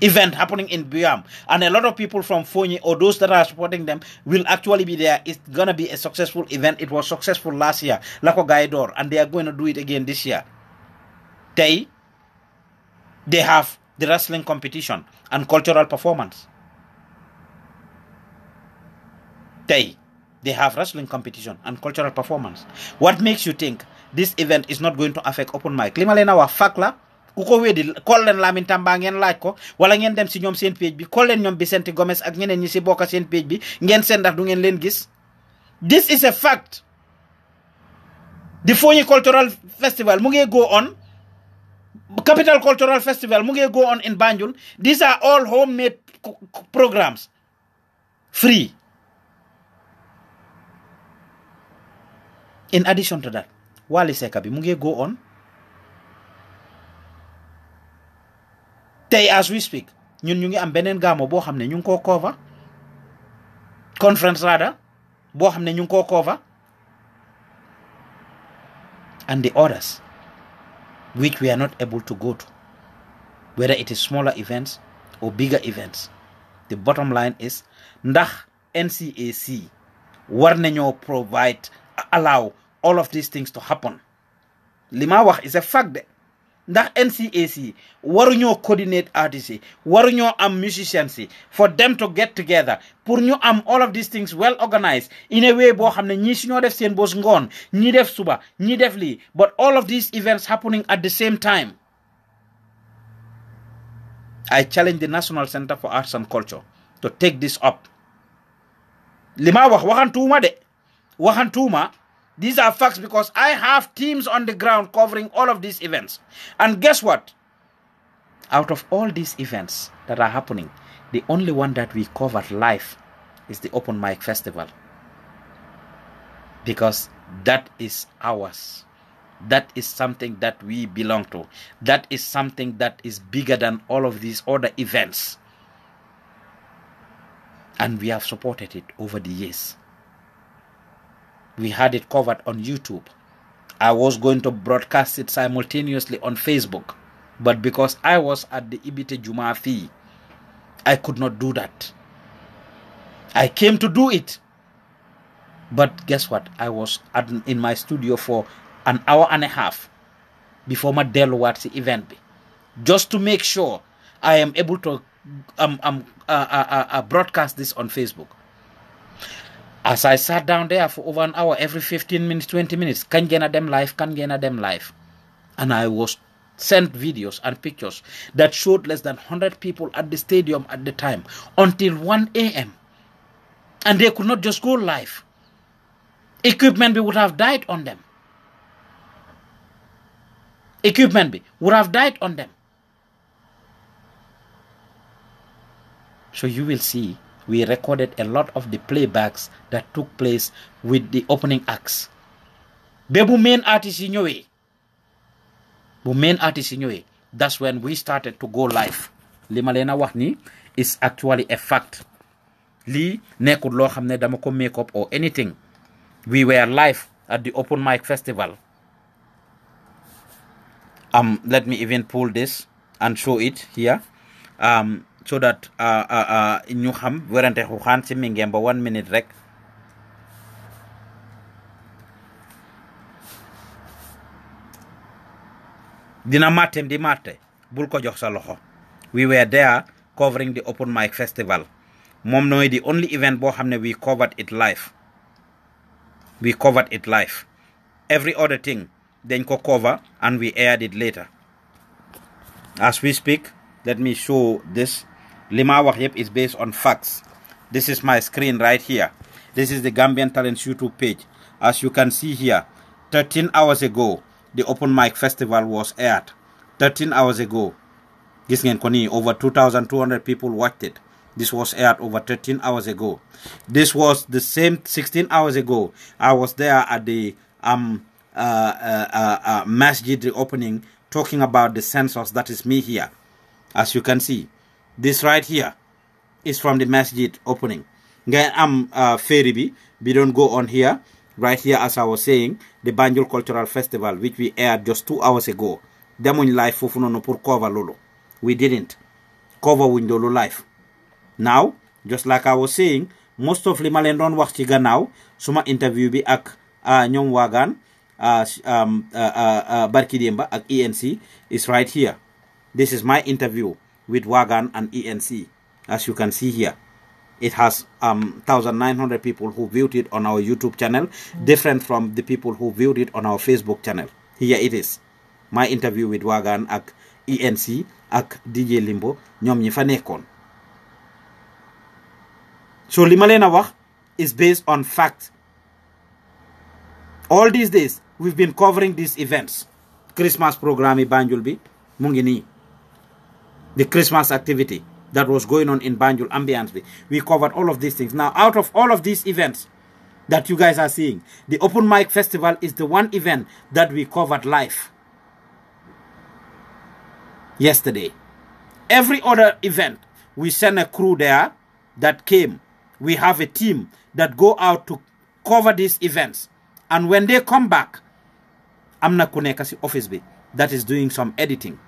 event happening in Biam, and a lot of people from Fonyi or those that are supporting them will actually be there. It's gonna be a successful event. It was successful last year, Lako Gaidor, and they are going to do it again this year. They they have the wrestling competition and cultural performance. They they have wrestling competition and cultural performance. What makes you think this event is not going to affect open mic? Limalena wa fakla ku ko weddi kool leen Lamine Tamba ngeen laaj ko wala ngeen dem si ñoom seen page bi kool leen ñoom Vicente Gomez ak ñeneen ñi si bokk seen page bi ngeen seen ndax du ngeen leen gis this is a fact the Foni cultural festival mu ngi go on capital cultural festival mu ngi go on in Banjul these are all homemade programs free in addition to that Wally Seck bi mu ngi go on Day as we speak ñun ñu ngi am ne ñu ngi cover conference rada boo xam ne ñu ngi cover and the others which we are not able to go to whether it is smaller events or bigger events the bottom line is ndax NCAC war nañoo provide allow all of these things to happen lima wax is a fact de ndax NCAC yi waruñoo coordinate artistes yi waruñoo am musicians yi for dem to get together pour ñu am all of these things well organized in a way boo xam ne ñii suñoo def seen bos ngoon ñii def suba ñii def lii but all of these events happening at the same time I challenge the National Center for Arts and Culture to take this up li ma wax waxantuuma de waxantuuma These are facts because I have teams on the ground covering all of these events. And guess what? Out of all these events that are happening, the only one that we covered live is the Open Mic Festival. Because that is ours. That is something that we belong to. That is something that is bigger than all of these other events. And we have supported it over the years we had it covered on YouTube. I was going to broadcast it simultaneously on Facebook, but because I was at the Ibite Jumafi, I could not do that. I came to do it, but guess what? I was at, in my studio for an hour and a half before my Delawatsi event, just to make sure I am able to um, um, uh, uh, uh, uh broadcast this on Facebook as I sat down there for over an hour, every 15 minutes, 20 minutes, can get at them live, can get at them live. And I was sent videos and pictures that showed less than 100 people at the stadium at the time until 1 a.m. And they could not just go live. Equipment would have died on them. Equipment would have died on them. So you will see we recorded a lot of the playbacks that took place with the opening acts. Be main artist yi ñëwee bu main artist yi that's when we started to go live li ma leen is actually a fact Li ne dama ko make makeup or anything we were live at the open mic festival um let me even pull this and show it here um so that uh, uh, uh, ñu xam werante xuxaan si mi ngeen ba one minute rek dina màtteem di màtte bul ko jox sa loxo we were there covering the open mic festival mom noy the only event boo we covered it live we covered it live every other thing then ko cover and we aired it later as we speak let me show this Lima yep is based on facts. This is my screen right here. This is the Gambian Talents YouTube page. As you can see here, 13 hours ago, the Open Mic Festival was aired. 13 hours ago, this Koni, over 2,200 people watched it. This was aired over 13 hours ago. This was the same 16 hours ago. I was there at the um uh, uh, uh, uh masjid reopening talking about the census. That is me here, as you can see this right here is from the masjid opening i am uh, ferry we don't go on here right here as i was saying the banjul cultural festival which we aired just two hours ago demo live life. nonu cover lolo we didn't cover Windolo life. now just like i was saying most of li ma leen wax ci gannaaw suma interview bi ak uh, ñoom waagaan uh, um, barki démba ak enc is right here this is my interview with Wagan and ENC. As you can see here, it has um, 1,900 people who viewed it on our YouTube channel, mm. different from the people who viewed it on our Facebook channel. Here it is. My interview with Wagan ak ENC ak DJ Limbo Nyom ñi So li ma is based on fact. All these days we've been covering these events. Christmas programme ibanjulbi, mungini. Mungini the Christmas activity that was going on in Banjul ambiently. We covered all of these things. Now, out of all of these events that you guys are seeing, the Open Mic Festival is the one event that we covered live yesterday. Every other event, we send a crew there that came. We have a team that go out to cover these events. And when they come back, I'm Amna Kunekasi office that is doing some editing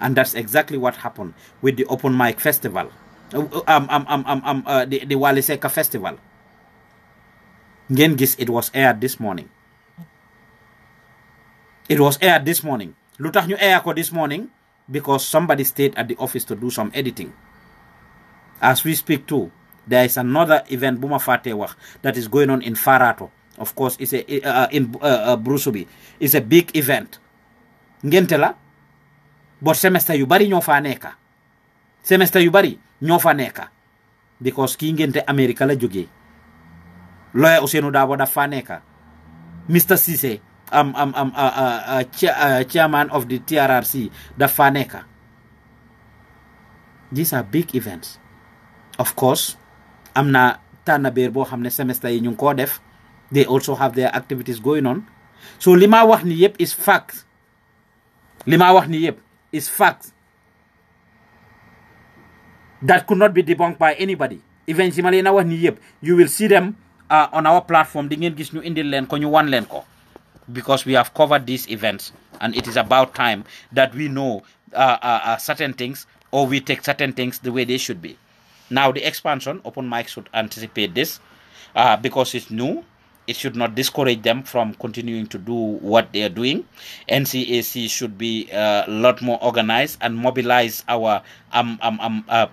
and that's exactly what happened with the Open Mic Festival, uh, uh, um, um, um, um, um, uh, the, the Wali Festival. Ngengis, it was aired this morning. It was aired this morning. Lutah new air this morning because somebody stayed at the office to do some editing. As we speak too, there is another event, Buma Fatewah, that is going on in Farato. Of course, it's a, uh, in uh, uh, Brusubi. It's a big event. Ngentela, Bor semester yu bari ño fa neka semester yu bari ño fa neka because ki ngente America la jógee lawyer ya Ousainou dabo da fa neka Mr cisse am um, am um, am um, uh, uh, uh, chairman of the TRRC da fa neka these are big events of course amna tana ber bo boo semester yi ñu ko def they also have their activities going on so lima wax ni yep is fact lima wax ni yep is facts that could not be debunked by anybody eventually na wax ni yëpp you will see them uh, on our platform di ngeen gis Indian land, leen land, ko because we have covered these events and it is about time that we know uh, uh, uh, certain things or we take certain things the way they should be now the expansion open mic should anticipate this uh, because it's new it should not discourage them from continuing to do what they are doing. NCAC should be uh, a lot more organized and mobilize our um, um, um, uh,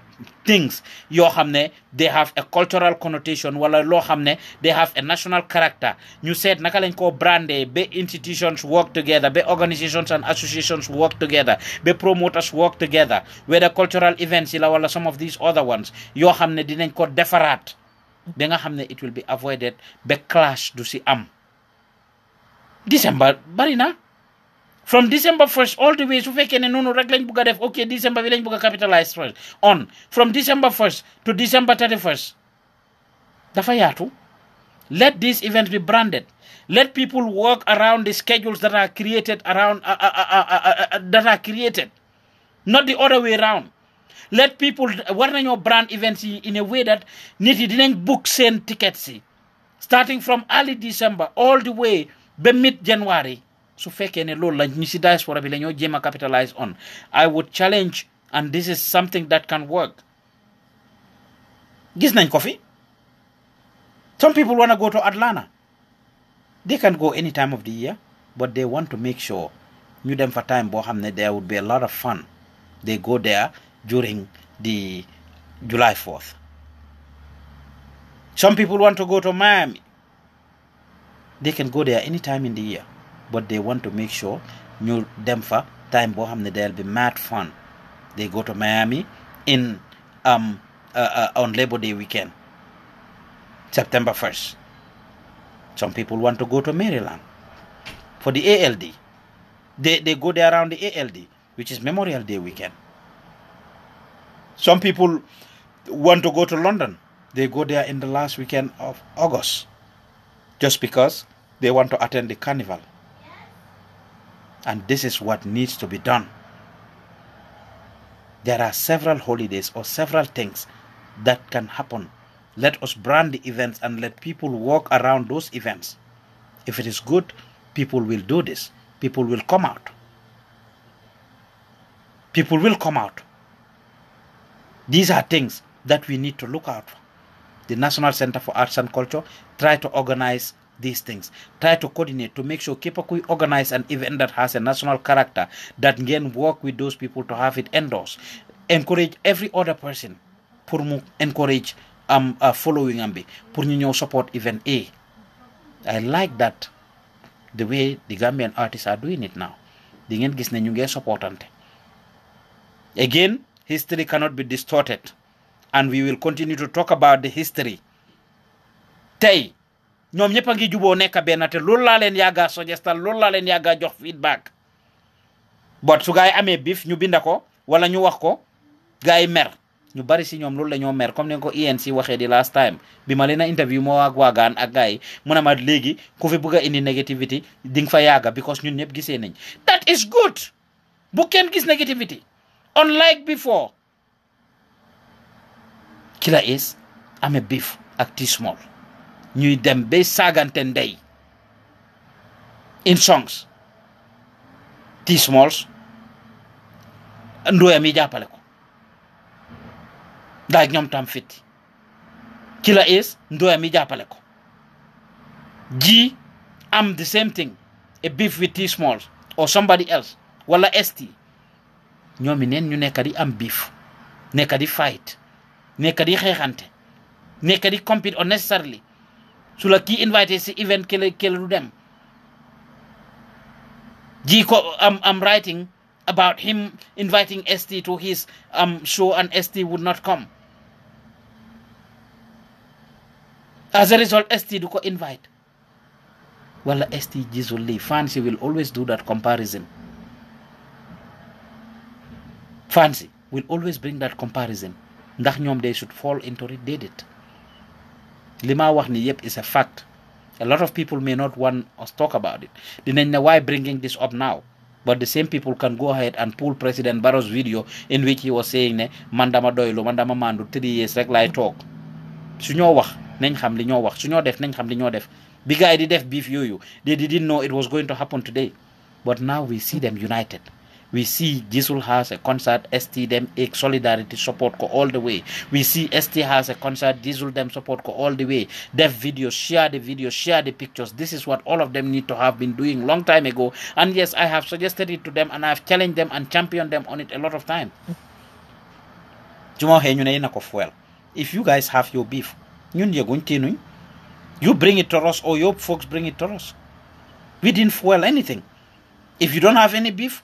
things. Yo hamne, they have a cultural connotation. Wala lo hamne, they have a national character. You said nakalen brande, be institutions work together, be organizations and associations work together, be promoters work together. Whether cultural events, ila wala some of these other ones. Yo hamne deferat. ba nga xam ne it will be avoided ba clash du si am December bari na from December first all the way su fekkee ne noonu rek lañ bugg a def ok December bi lañ bugg a capitalize first on from December first to December thirty first dafa yaatu let these events be branded let people work around the schedules that are created around uh, uh, uh, that are created not the other way around let people war your brand events in a way that nit didn't book same tickets starting from early December all the way by mid January so fake any low. la ñu si diaspora bi la ñoo jéem capitalize on I would challenge and this is something that can work gis nañ ko fi some people wanna go to Atlanta they can go any time of the year but they want to make sure ñu dem fa time boo there would be a lot of fun they go there during the July 4th. Some people want to go to Miami. They can go there any time in the year, but they want to make sure New dem time boo they'll be mad fun. They go to Miami in um, uh, uh, on Labor Day weekend, September 1st. Some people want to go to Maryland for the ALD. They, they go there around the ALD, which is Memorial Day weekend. Some people want to go to London. They go there in the last weekend of August just because they want to attend the carnival. And this is what needs to be done. There are several holidays or several things that can happen. Let us brand the events and let people walk around those events. If it is good, people will do this. People will come out. People will come out these are things that we need to look out for. The National Center for Arts and Culture try to organize these things. Try to coordinate to make sure Kipakui organize an event that has a national character that can work with those people to have it endorsed. Encourage every other person. Pour encourage um uh, following ambi. Pour support event A. I like that the way the Gambian artists are doing it now. The ngeen gis ne ñu ngi supportante. Again, History cannot be distorted. And we will continue to talk about the history. tey ñoom ñëpp a ngi juboo nekk benn te loolu laa leen yàgga suggestal loolu laa leen yàgga jox feedback bot su gaa amee bif ñu binda ko wala ñu wax ko gaa yi mer ñu bari si ñoom loolu la mer comme ni ko INC e waxee di last time bi ma leen a interview moo ak waagaan ak gaa yi mu léegi ku fi bëgg indi negativity di nga fa yàgga because ñun ñëpp gisee nañ that is good bu kenn gis negativity unlike before. Killer is am a beef ak T-Small ñuy dem bay saagante ndey in songs T-Smalls ndooyam yi jàppale ko ndax ñoom tam fitti Killer is ndooyam yi jàppale ko ji am the same thing a beef with T-Smalls or somebody else wala ST ñoom i neen ñu nekk di am biif nekk di fight nekk di xeexante nekk di compete unnecessarily su la kii invité si event kële kële du dem ji ko am am writing about him inviting ST to his um, show and ST would not come. As a result, ST do invite. Well, ST Jesus Lee. Fancy will always do that comparison. fancy will always bring that comparison ndax ñoom they should fall into it déedéet li wax ni yep is a fact a lot of people may not want us talk about it dinañ ne why bringing this up now but the same people can go ahead and pull President Barrow's video in which he was saying ne man dama doylu man dama mandu three years rek laay talk su ñoo wax nañ xam li ñoo wax su def nañ xam li ñoo def bi gars di def beef yooyu they didn't know it was going to happen today but now we see them united we see Diesel has a concert, ST them egg solidarity support ko all the way. We see ST has a concert, Diesel them support ko all the way. Dev video, share the video, share the pictures. This is what all of them need to have been doing long time ago. And yes, I have suggested it to them and I have challenged them and championed them on it a lot of time. If you guys have your beef, you bring it to us or your folks bring it to us. We didn't fuel anything. If you don't have any beef,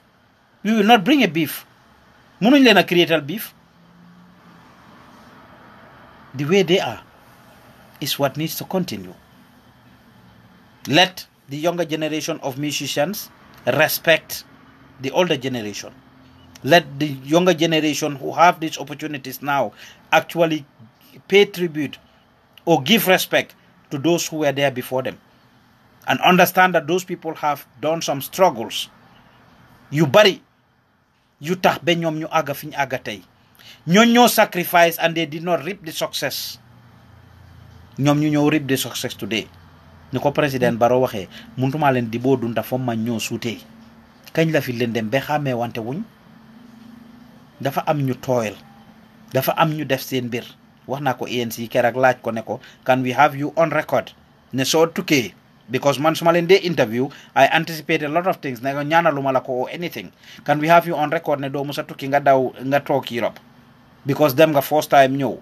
we will not bring a beef mënuñ leen a beef the way they are is what needs to continue let the younger generation of musicians respect the older generation let the younger generation who have these opportunities now actually pay tribute or give respect to those who were there before them and understand that those people have done some struggles you bury yu tax ba ñoom ñu àgg fi ñu àgga tey ñooñ ñoo sacrifice and di did not reap the success ñoom ñu ñëw reap the success today ni ko président Barrow waxee muntumaa leen di boo dunda fo ma ñoo suutee kañ la fi leen dem ba xàmmee wante wuñ dafa am ñu tooyal dafa am ñu def seen mbir wax naa ko ANC keroog laaj ko ne ko can we have you on record ne soo tukkee because man suma leen dee interview I anticipate a lot of things ne ñaanaluma la ko or anything can we have you on record ne do musa tukki nga daw nga took Europe because dem nga first time ñëw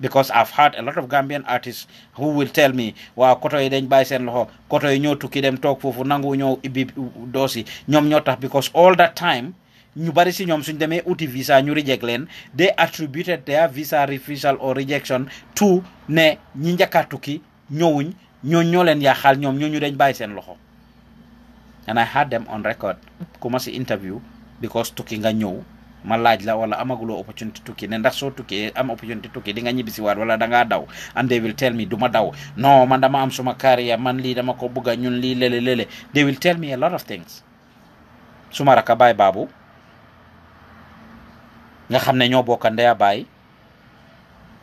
because I've had a lot of Gambian artists who will tell me waaw koto yi dañ bay seen loxo koto yi ñoo tukki dem toog foofu nangu ñoo ibi doosi ñoom ñoo tax because all that time ñu bari si ñoom suñ demee uti visa ñu reject leen they attributed their visa refusal or rejection to ne ñi ñaka tukki ñëwuñ ñooñu ñoo leen yaa xaal ñoom ñooñu dañ bàyyi seen loxo and I had them on record ku ma si interview because tukki nga ñëw ma laaj la wala amaguloo opportunité tukki ne ndax soo tukki am opportunité tukki di nga ñibbisi waat wala dangaa daw and they will tell me du daw no man dama am suma carrière man lii dama ko bugga ñun lii lele lele they will tell me a lot of things suma raka baay baabu nga xam ne ñoo bokka ndeya baay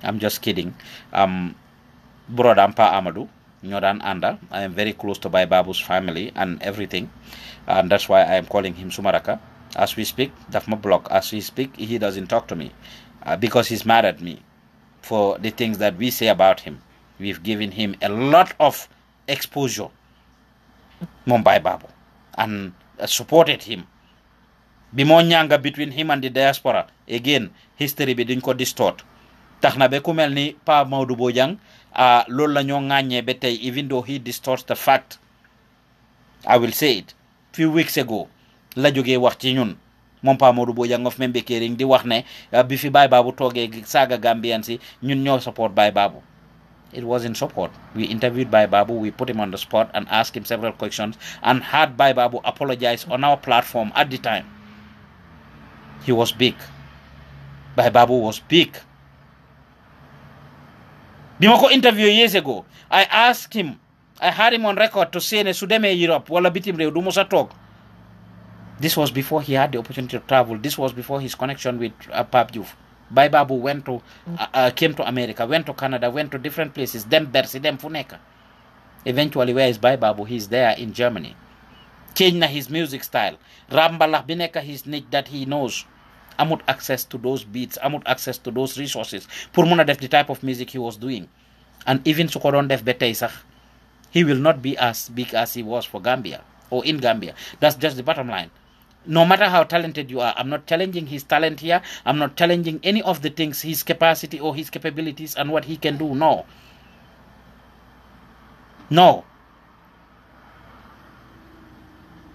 I'm just kidding um, broda am Pa amadu Nyodan Anda. I am very close to Bai Babu's family and everything, and that's why I am calling him Sumaraka. As we speak, Dafma block. As we speak, he doesn't talk to me uh, because he's mad at me for the things that we say about him. We've given him a lot of exposure, Mumbai Babu, and uh, supported him. Bimonyanga between him and the diaspora. Again, history didn't distort. Tax na ba ku mel Pa Maodo uh, ah, loolu la ŋàññee ba tey even though he distorts the fact I will say it few weeks ago la jógee wax ci ñun moom Pa Modou Bojang of Membe di wax ne ah, bi fi Baye Babu toogee saaga Gambian si ñun ñoo support bai Babu it was in support. We interviewed Bai Babu, we put him on the spot and asked him several questions and had Bai Babu apologize on our platform at the time. He was big. Bai Babu was big. bimako interview years ago i asked him i had him on record to say ne sudeme europe wala bitim rew dumosa talk this was before he had the opportunity to travel this was before his connection with uh, pap Juf. Bai babu went to uh, uh, came to america went to canada went to different places then bersi then funeka eventually where is Bai babu he's there in germany change na his music style rambala bineka his niche that he knows I'm not access to those beats, I'm not access to those resources pour mun def the type of music he was doing and even su ko def ba he will not be as big as he was for Gambia or in Gambia that's just the bottom line no matter how talented you are i'm not challenging his talent here i'm not challenging any of the things his capacity or his capabilities and what he can do no no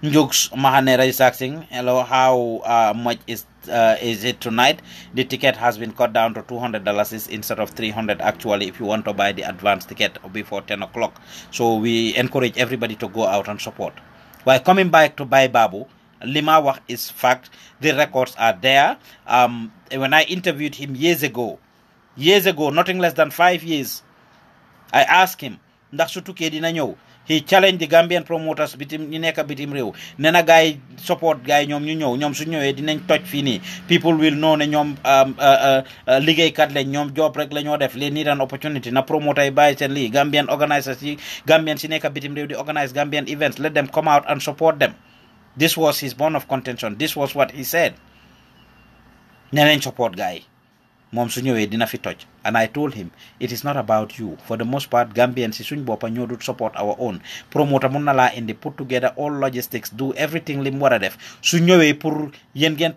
Njuks Mahanera is asking, hello, how uh, much is uh, is it tonight the ticket has been cut down to $200 instead of 300 actually if you want to buy the advance ticket before 10 o'clock so we encourage everybody to go out and support while coming back to buy babu lima is fact the records are there um, when i interviewed him years ago years ago nothing less than five years i asked him he challenge the Gambian promoters bitim ñi nekk bitim réew nee na gars yi support gars yi ñoom ñu ñëw ñoom su ñëwee dinañ toj fii nii people will know ne ñoom um, uh, uh, uh, liggéeykat le ñoom job rek la ñoo def les need an opportunity na promoter yi bàyyi seen lii Gambian organisers yi Gambian si nekk bitim réew di organise Gambian events let them come out and support them this was his bone of contention this was what he said nee nañ support gars yi moom su ñëwee dina fi toj And I told him, it is not about you. For the most part, Gambians, suñ bopa ñoo support our own. Promoter mun na laa indi put together all logistics, do everything lim war def. Su ñëwee pour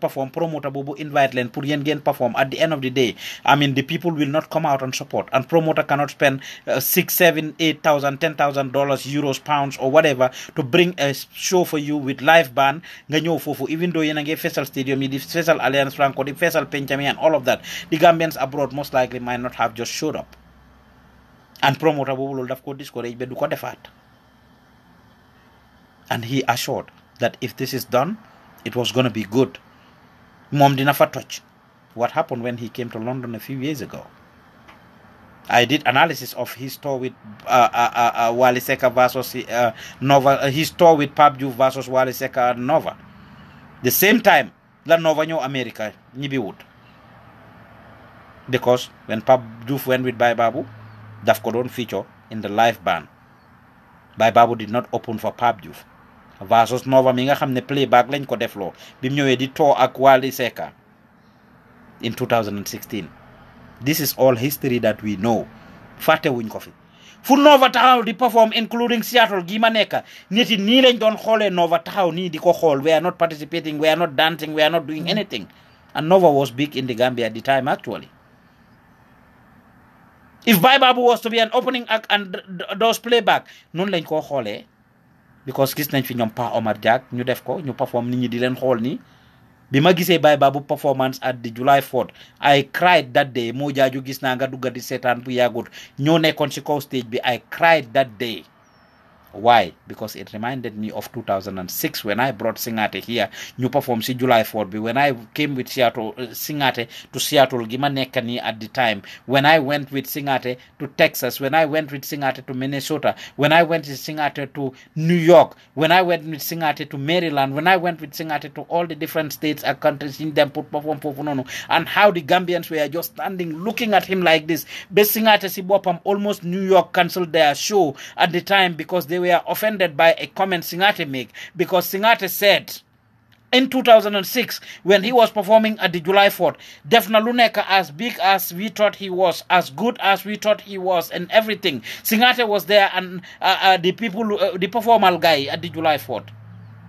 perform, promoter bobo invite leen pur yéen perform. At the end of the day, I mean, the people will not come out and support. And promoter cannot spend uh, six, seven, eight thousand, ten thousand dollars, euros, pounds or whatever to bring a show for you with live band. ganyo fufu. even though yéen a festival Stadium yi, di Faisal Alliance Franco, the festival Pencami and all of that. The Gambians abroad most likely might might not have just showed up. And promoter Bobo would have got discouraged by Duka Defat. And he assured that if this is done, it was going to be good. Mom didn't have touch what happened when he came to London a few years ago. I did analysis of his tour with uh, uh, uh, uh versus uh, Nova, uh, his tour with Pabdu versus Wally Seca Nova. The same time, La Nova New America, Nibiwood because when Pape went with Baye Babu, Daf could not feature in the live band. Baye Babu did not open for Pape Diouf versus Nova mi nga xam ne playback lañ ko defloo bi mu ñëwee di too ak in 2016 this is all history that we know fàttewuñ win fi fu Nova taxaw di perform including Seattle gii neka. Niti nit yi nii lañ doon Nova taxaw di ko we are not participating we are not dancing we are not doing anything and Nova was big in the Gambia at the time actually if Bible was to be an opening act and those playback noonu lañ koo xoolee because gis nañ fi ñoom Pa Omar Diak ñu def ko ñu perform nit ñi di leen xool nii bi ma gisee Bible performance at the July 4th I cried that day moo jaaju gis naa nga dugga di seetaan bu yàggut ñoo nekkoon si kaw stage bi I cried that day Why? Because it reminded me of 2006 when I brought Singate here. New performed in July 4th. When I came with Seattle, uh, Singate to Seattle, Gimanekani at the time. When I went with Singate to Texas. When I went with Singate to Minnesota. When I went with Singate to New York. When I went with Singate to Maryland. When I went with Singate to all the different states and countries in them put perform Pofunono. And how the Gambians were just standing looking at him like this. Singate Sibopam almost New York cancelled their show at the time because they were were offended by a comment Singate made because Singate said in 2006 when he was performing at the July 4th, Defna Luneka, as big as we thought he was, as good as we thought he was, and everything. Singate was there and uh, uh, the people, uh, the performer guy at the July 4th.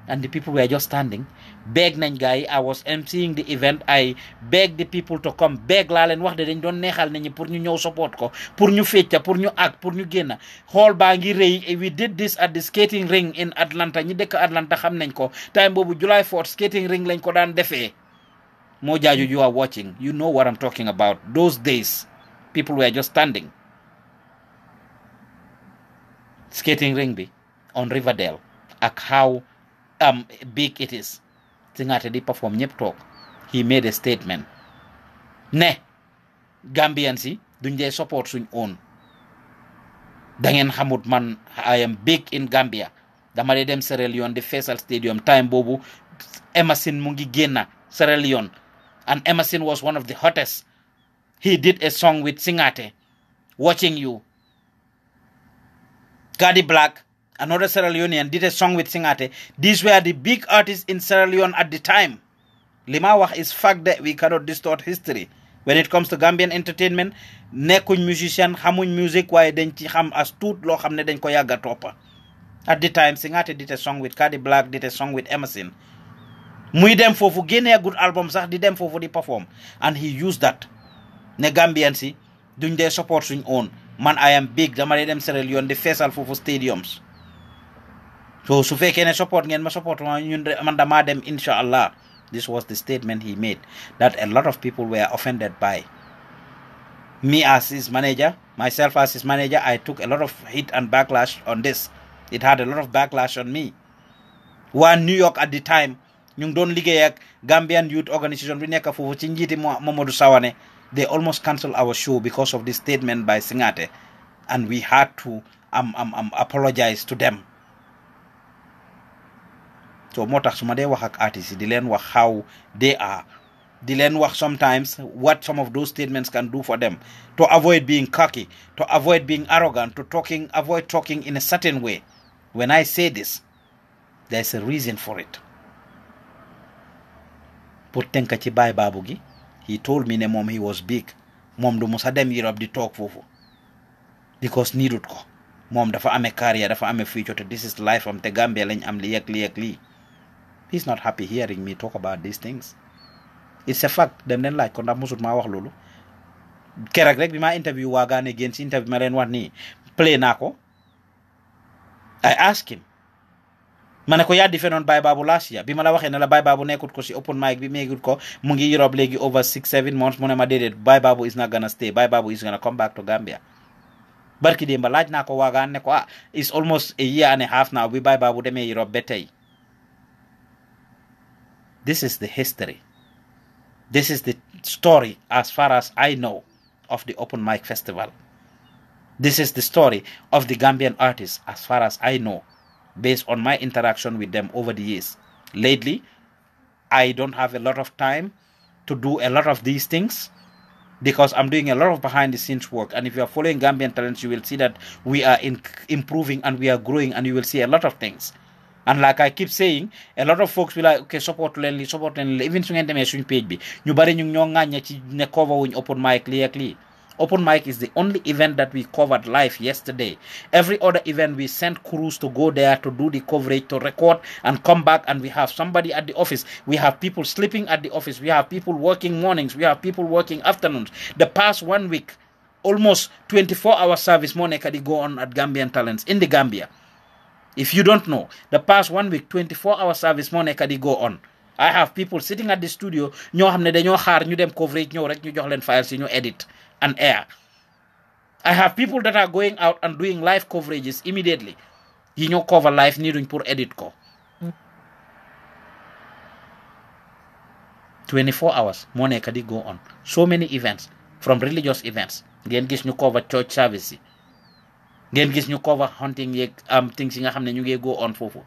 And the people were just standing Beg nañ gars I was emceeing the event I begged the people to come Beg, laa leen wax de dañ doon neexal nañu pour ñu ñëw support ko pour ñu fecca pour ñu ak pour ñu génna xool baa ngi rëy we did this at the skating ring in Atlanta ñi dëkk Atlanta xam nañ ko time boobu July 4 skating ring lañ ko daan defee moo jaaju you are watching you know what I'm talking about those days people were just standing skating ring bi on Riverdale ak how um big it is si ngaate di perform ñëpp toog he made a statement ne Gambian si duñ dee support suñ own ngeen xamut man I am big in Gambia dama dee dem Sierra Leone di feesal stadium time boobu Emerson mu ngi génna Sierra Leone and Emerson was one of the hottest he did a song with Singate watching you Gadi Black another Sierra Leonean, did a song with Singate. These were the big artists in Sierra Leone at the time. Limawah is fact that we cannot distort history. When it comes to Gambian entertainment, nekkuñ musician hamun music waaye dañ ci xam as tout lo xam ne dañ ko yàgg At the time, Singate did a song with Cady Black, did a song with Emerson. muy dem fofu génnee a good album sax di dem foofu di perform and he used that ne Gambian si duñ de support suñ own man I am big dama dee dem Sierra Leone di feesal fofu stadiums so su fekkee ne support ngeen ma support ma ñun de man dem incha allah this was the statement he made that a lot of people were offended by as his manager myself as his manager I took a lot of hit and backlash on this it had a lot of on me waa New York at the time ñu ngi doon liggéey ak Gambian Youth Organisation bi nekk foofu ci njiiti Momodou Sawane they almost cancelled our show because of this statement by Singate and we had to um, um, um, apologize to them so moo tax su ma dee wax ak artist yi di leen wax how they are di leen wax sometimes what some of those statements can do for them to avoid being cocky to avoid being arrogant to talking avoid talking in a certain way when I say this there's a reason for it pour tënk ci bay babu gi he told me ne moom he was big moom du musa dem Europe di talk foofu because needut ko moom dafa amé carrière dafa amé future this is life am te Gambia lañ am li yeg li yeg li he's not happy hearing me talk about these things it's a fact dem leen laaj ko ndax musut maa wax loolu keroog rek bi ma interview waagaane génn si interview ma leen wax nii play naa ko I ask him ma ne ko yaa on Baye Babou last year bi ma la waxee ne la Baye Babou nekkut ko si open mic bi meegut ko mu ngi Europe léegi over six seven months mu ne ma déedéet Baye Babou is not gonna stay Baye Babou is gonna come back to Gambia barki démb laaj naa ko waagaan ah, a year a half ba tey This is the history. This is the story, as far as I know, of the Open Mic Festival. This is the story of the Gambian artists, as far as I know, based on my interaction with them over the years. Lately, I don't have a lot of time to do a lot of these things because I'm doing a lot of behind the scenes work. And if you are following Gambian talents, you will see that we are in- improving and we are growing, and you will see a lot of things. And like I keep saying, a lot of folks will like, okay, support Lenly, support Lenly. Even swing and swing page be. Ñu bari ñu ñoo ngañ ci ne cover wuñ open mic clearly. Open mic is the only event that we covered live yesterday. Every other event, we sent crews to go there to do the coverage, to record and come back. And we have somebody at the office. We have people sleeping at the office. We have people working mornings. We have people working afternoons. The past one week, almost 24 hour service, Monica, they go on at Gambian Talents in the Gambia. If you don't know, the past one week 24 hour service moo nekk di go on I have people sitting at the studio ñoo xam ne dañoo xaar ñu dem coverage ñëw rek ñu jox leen files yi ñu edit and air. I have people that are going out and doing live coverages immediately yi ñoo cover live nii duñ pour edit ko. 24 hours moo nekk di go on so many events from religious events ngeen gis ñu cover church service ngeen gis ñu cover hunting yeeg am um, things yi nga xam ne ñu ngee go on foofu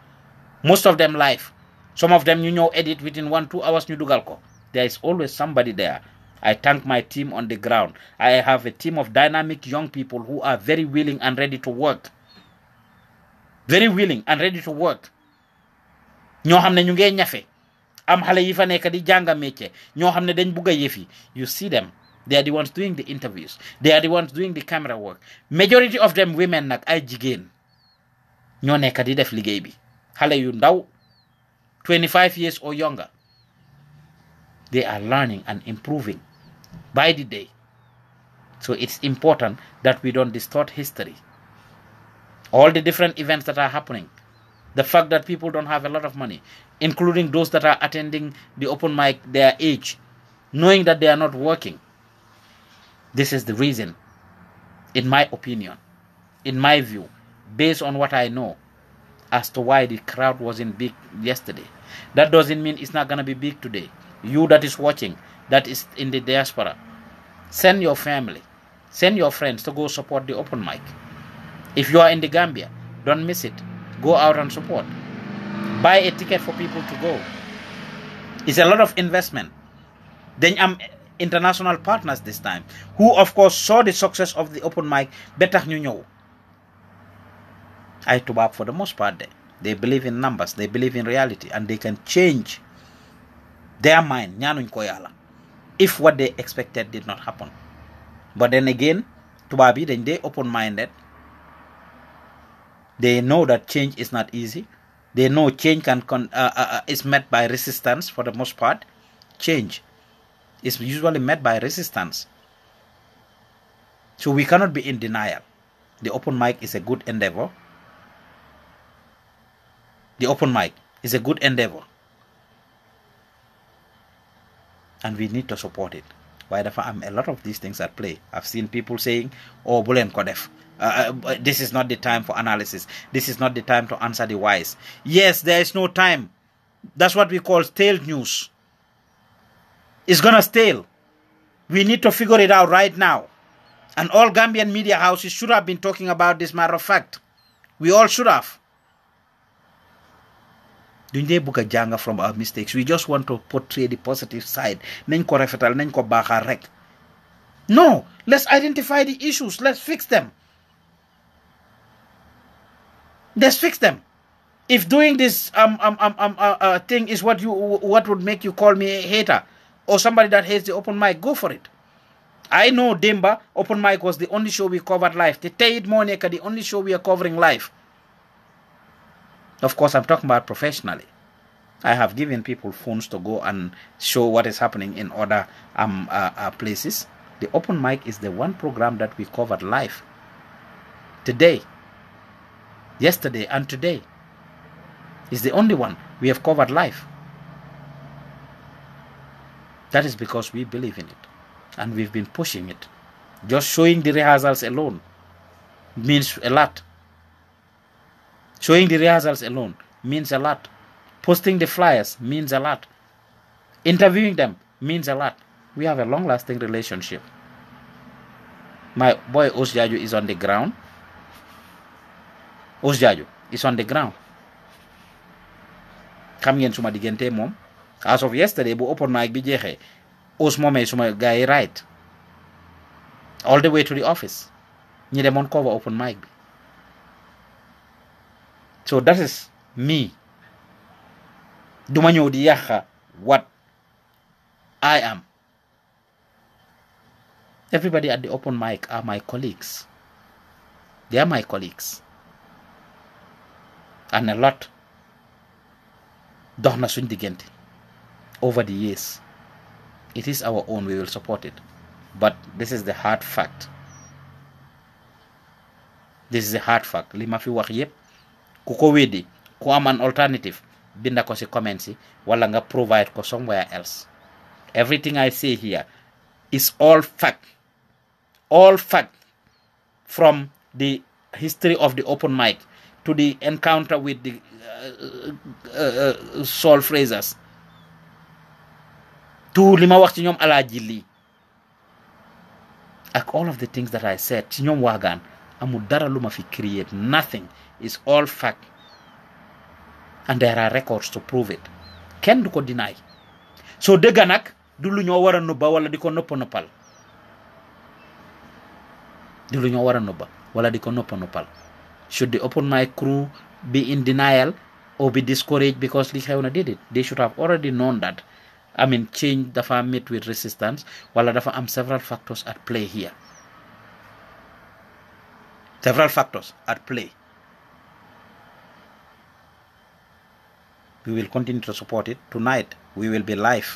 most of them live some of them ñu ñëw edit within one two hours ñu dugal ko there is always somebody there I thank my team on the ground I have a team of dynamic young people who are very willing and ready to work very willing and ready to work ñoo xam ne ñu ngee ñafe am xale yi fa nekk di jànga métier ñoo xam ne dañ bugg a yëf yi you see them they are the ones doing the interviews they are the ones doing the camera work majority of them women nag ay jigéen ñoo nekk di def liggéey bi xale yu ndaw 25 years or younger they are learning and improving by the day so it's important that we don't distort history all the different events that are happening the fact that people don't have a lot of money including those that are attending the open mic their age knowing that they are not working this is the reason, in my opinion, in my view, based on what I know, as to why the crowd wasn't big yesterday. That doesn't mean it's not going to be big today. You that is watching, that is in the diaspora, send your family, send your friends to go support the open mic. If you are in the Gambia, don't miss it. Go out and support. Buy a ticket for people to go. It's a lot of investment. Then I'm international partners this time who of course saw the success of the open mic better ñu I to tubaab for the most part they believe in numbers they believe in reality and they can change their mind ñaanuñ in koyala, if what they expected did not happen but then again to yi then they open minded they know that change is not easy they know change can con- uh, uh, uh is met by resistance for the most part change is usually met by resistance. So we cannot be in denial. The open mic is a good endeavor. The open mic is a good endeavor. And we need to support it. Why the am A lot of these things at play. I've seen people saying, oh, Bulen Kodef, uh, uh this is not the time for analysis. This is not the time to answer the wise. Yes, there is no time. That's what we call stale news is going to stale. We need to figure it out right now. And all Gambian media houses should have been talking about this matter of fact. We all should have. book buka janga from our mistakes. We just want to portray the positive side. Nenko refetal, nenko baharek. No, let's identify the issues. Let's fix them. Let's fix them. If doing this um, um, um, um uh, uh, thing is what you what would make you call me a hater, or somebody that has the open mic, go for it. I know Demba, open mic was the only show we covered live. The Tate Monica, the only show we are covering live. Of course, I'm talking about professionally. I have given people phones to go and show what is happening in other um, uh, uh, places. The open mic is the one program that we covered live today, yesterday, and today. is the only one we have covered live. That is because we believe in it and we've been pushing it. Just showing the rehearsals alone means a lot. Showing the rehearsals alone means a lot. Posting the flyers means a lot. Interviewing them means a lot. We have a long lasting relationship. My boy Osjaju is on the ground. Osjaju is on the ground. xam to suma diggante mom. as of yesterday bu open mic bi jeexe aus moomee suma gars yi ride all the way to the office ñi demoon cover open mic bi so that is me duma ñëw di yàqa what I am everybody at the open mic are my colleagues they are my colleagues and a lot dox na suñ diggante over the years. It is our own, we will support it. But this is the hard fact. This is the hard fact li ma fi wax ku ko ku am an alternative binda ko ci comments wala nga provide ko somewhere else everything I say here is all fact all fact from the history of the open mic to the encounter with the uh, uh, uh, uh Saul Frasers tout li ma wax ci ñom ala jilli ak all of the things that I said ci ñom wagan amu dara luma fi create nothing is all fact and there are records to prove it ken du ko deny so dëgga nak du lu ñoo wara nubba wala diko nopp nopal du lu ñoo wara nubba wala diko nopp nopal should the open my crew be in denial or be discouraged because li xewna did it? they should have already known that I mean change dafa meet with resistance wala dafa am several factors at play here several factors at play we will continue to support it tonight we will be live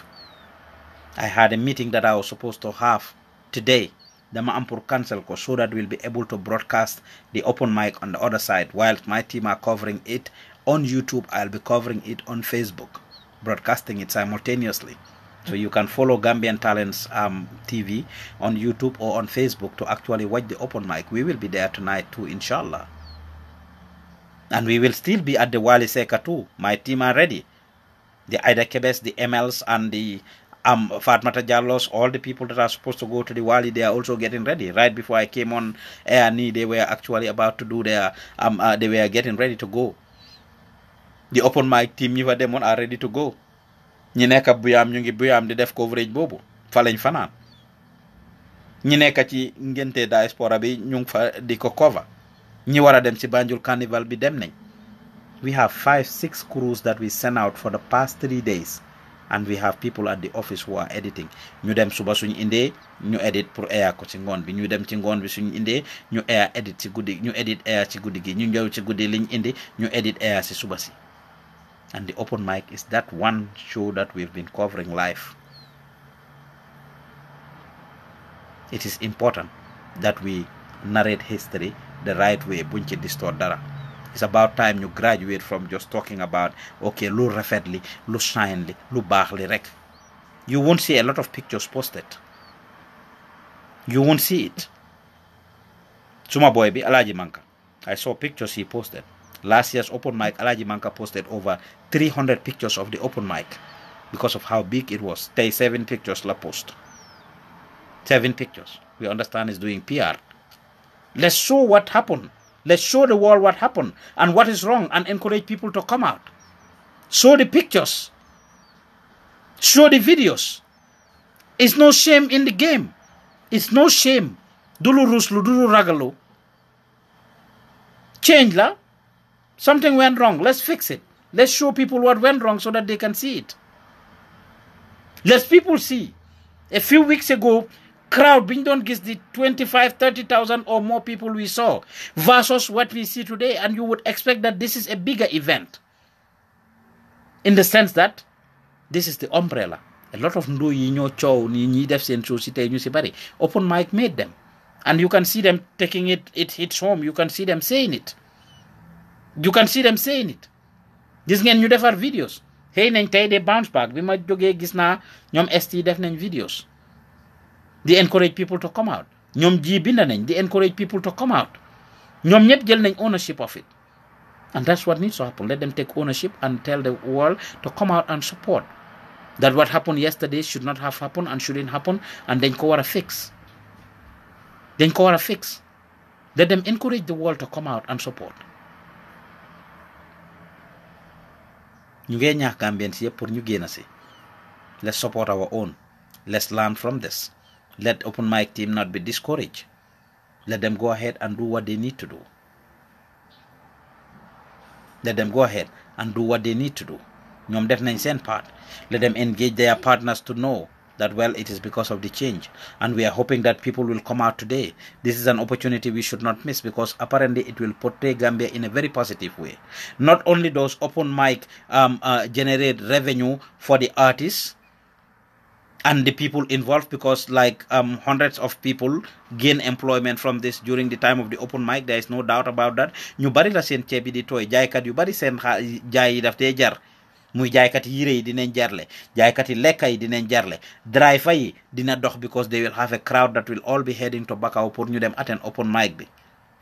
I had a meeting that I was supposed to have today The am Council, so that we'll be able to broadcast the open mic on the other side while my team are covering it on YouTube I'll be covering it on Facebook broadcasting it simultaneously. So you can follow Gambian Talents um, TV on YouTube or on Facebook to actually watch the open mic. We will be there tonight too, inshallah. And we will still be at the Wali Seka too. My team are ready. The Ida Kebes, the MLs, and the um, Fatmata Jallos, all the people that are supposed to go to the Wali, they are also getting ready. Right before I came on air, they were actually about to do their, um, uh, they were getting ready to go di open mic team ñi fa demoon a ready to go ñi nekk buyaam ñu ngi buyaam di def coverage boobu fa lañ fanaan ñi nekk ci ngénte diaspora bi ñu ngi fa di ko cover ñi war a dem ci Banjul carnival bi dem nañ. we have five six crews that we sent out for the past three days and we have people at the office who are editing ñu dem suba suñu indee ñu edit pour air ko ci ngoon bi ñu dem ci ngoon bi suñu indee ñu air edit ci guddi ñu edit air ci guddi gi ñu ñëw ci guddi liñ indi ñu edit air suba si. and the open mic is that one show that we've been covering live. It is important that we narrate history the right way buñ distort dara it's about time you graduate from just talking about okay lu rafet lo lu lo bahly lu rek you won't see a lot of pictures posted you won't see it suma boy bi alaji manka i saw pictures he posted Last year's open mic, Alaji Manka posted over 300 pictures of the open mic because of how big it was. 37 pictures la post. Seven pictures. We understand is doing PR. Let's show what happened. Let's show the world what happened and what is wrong and encourage people to come out. Show the pictures. Show the videos. It's no shame in the game. It's no shame. Dulu ruslu, dulu ragalu. Change la. Something went wrong. Let's fix it. Let's show people what went wrong so that they can see it. Let people see. A few weeks ago, crowd being done gives the 25, 30,000 or more people we saw versus what we see today. And you would expect that this is a bigger event in the sense that this is the umbrella. A lot of new yi ñoo ni ñi def seen Open mic made them. And you can see them taking it, it hits home. You can see them saying it you can see them saying it This ngeen you defar videos Hey, nañ tay de bounce back We might jógee gis naa ñoom ST def videos They encourage people to come out ñoom ji binda. They encourage people to come out ñoom ñëpp jël nañ ownership of it and that's what needs to happen let them take ownership and tell the world to come out and support that what happened yesterday should not have happened and shouldn't happen and then call a fix Then call a fix let them encourage the world to come out and support ñu ngee ñaax Gambians yëpp pour ñu génn si let's support our own let's learn from this let open mic team not be discouraged let them go ahead and do what they need to do let them go ñoom def nañ seen part let them engage their partners to know that well it is because of the change and we are hoping that people will come out today this is an opportunity we should not miss because apparently it will portray gambia in a very positive way not only does open mic um, uh, generate revenue for the artists and the people involved because like um, hundreds of people gain employment from this during the time of the open mic there is no doubt about that muy jaaykat yi yére yi dinañ jarle jaaykat yi lekka yi dinañ jarle driver yi dina dox because they will have a crowd that will all be heading to Bakau pour ñu dem attend open mic bi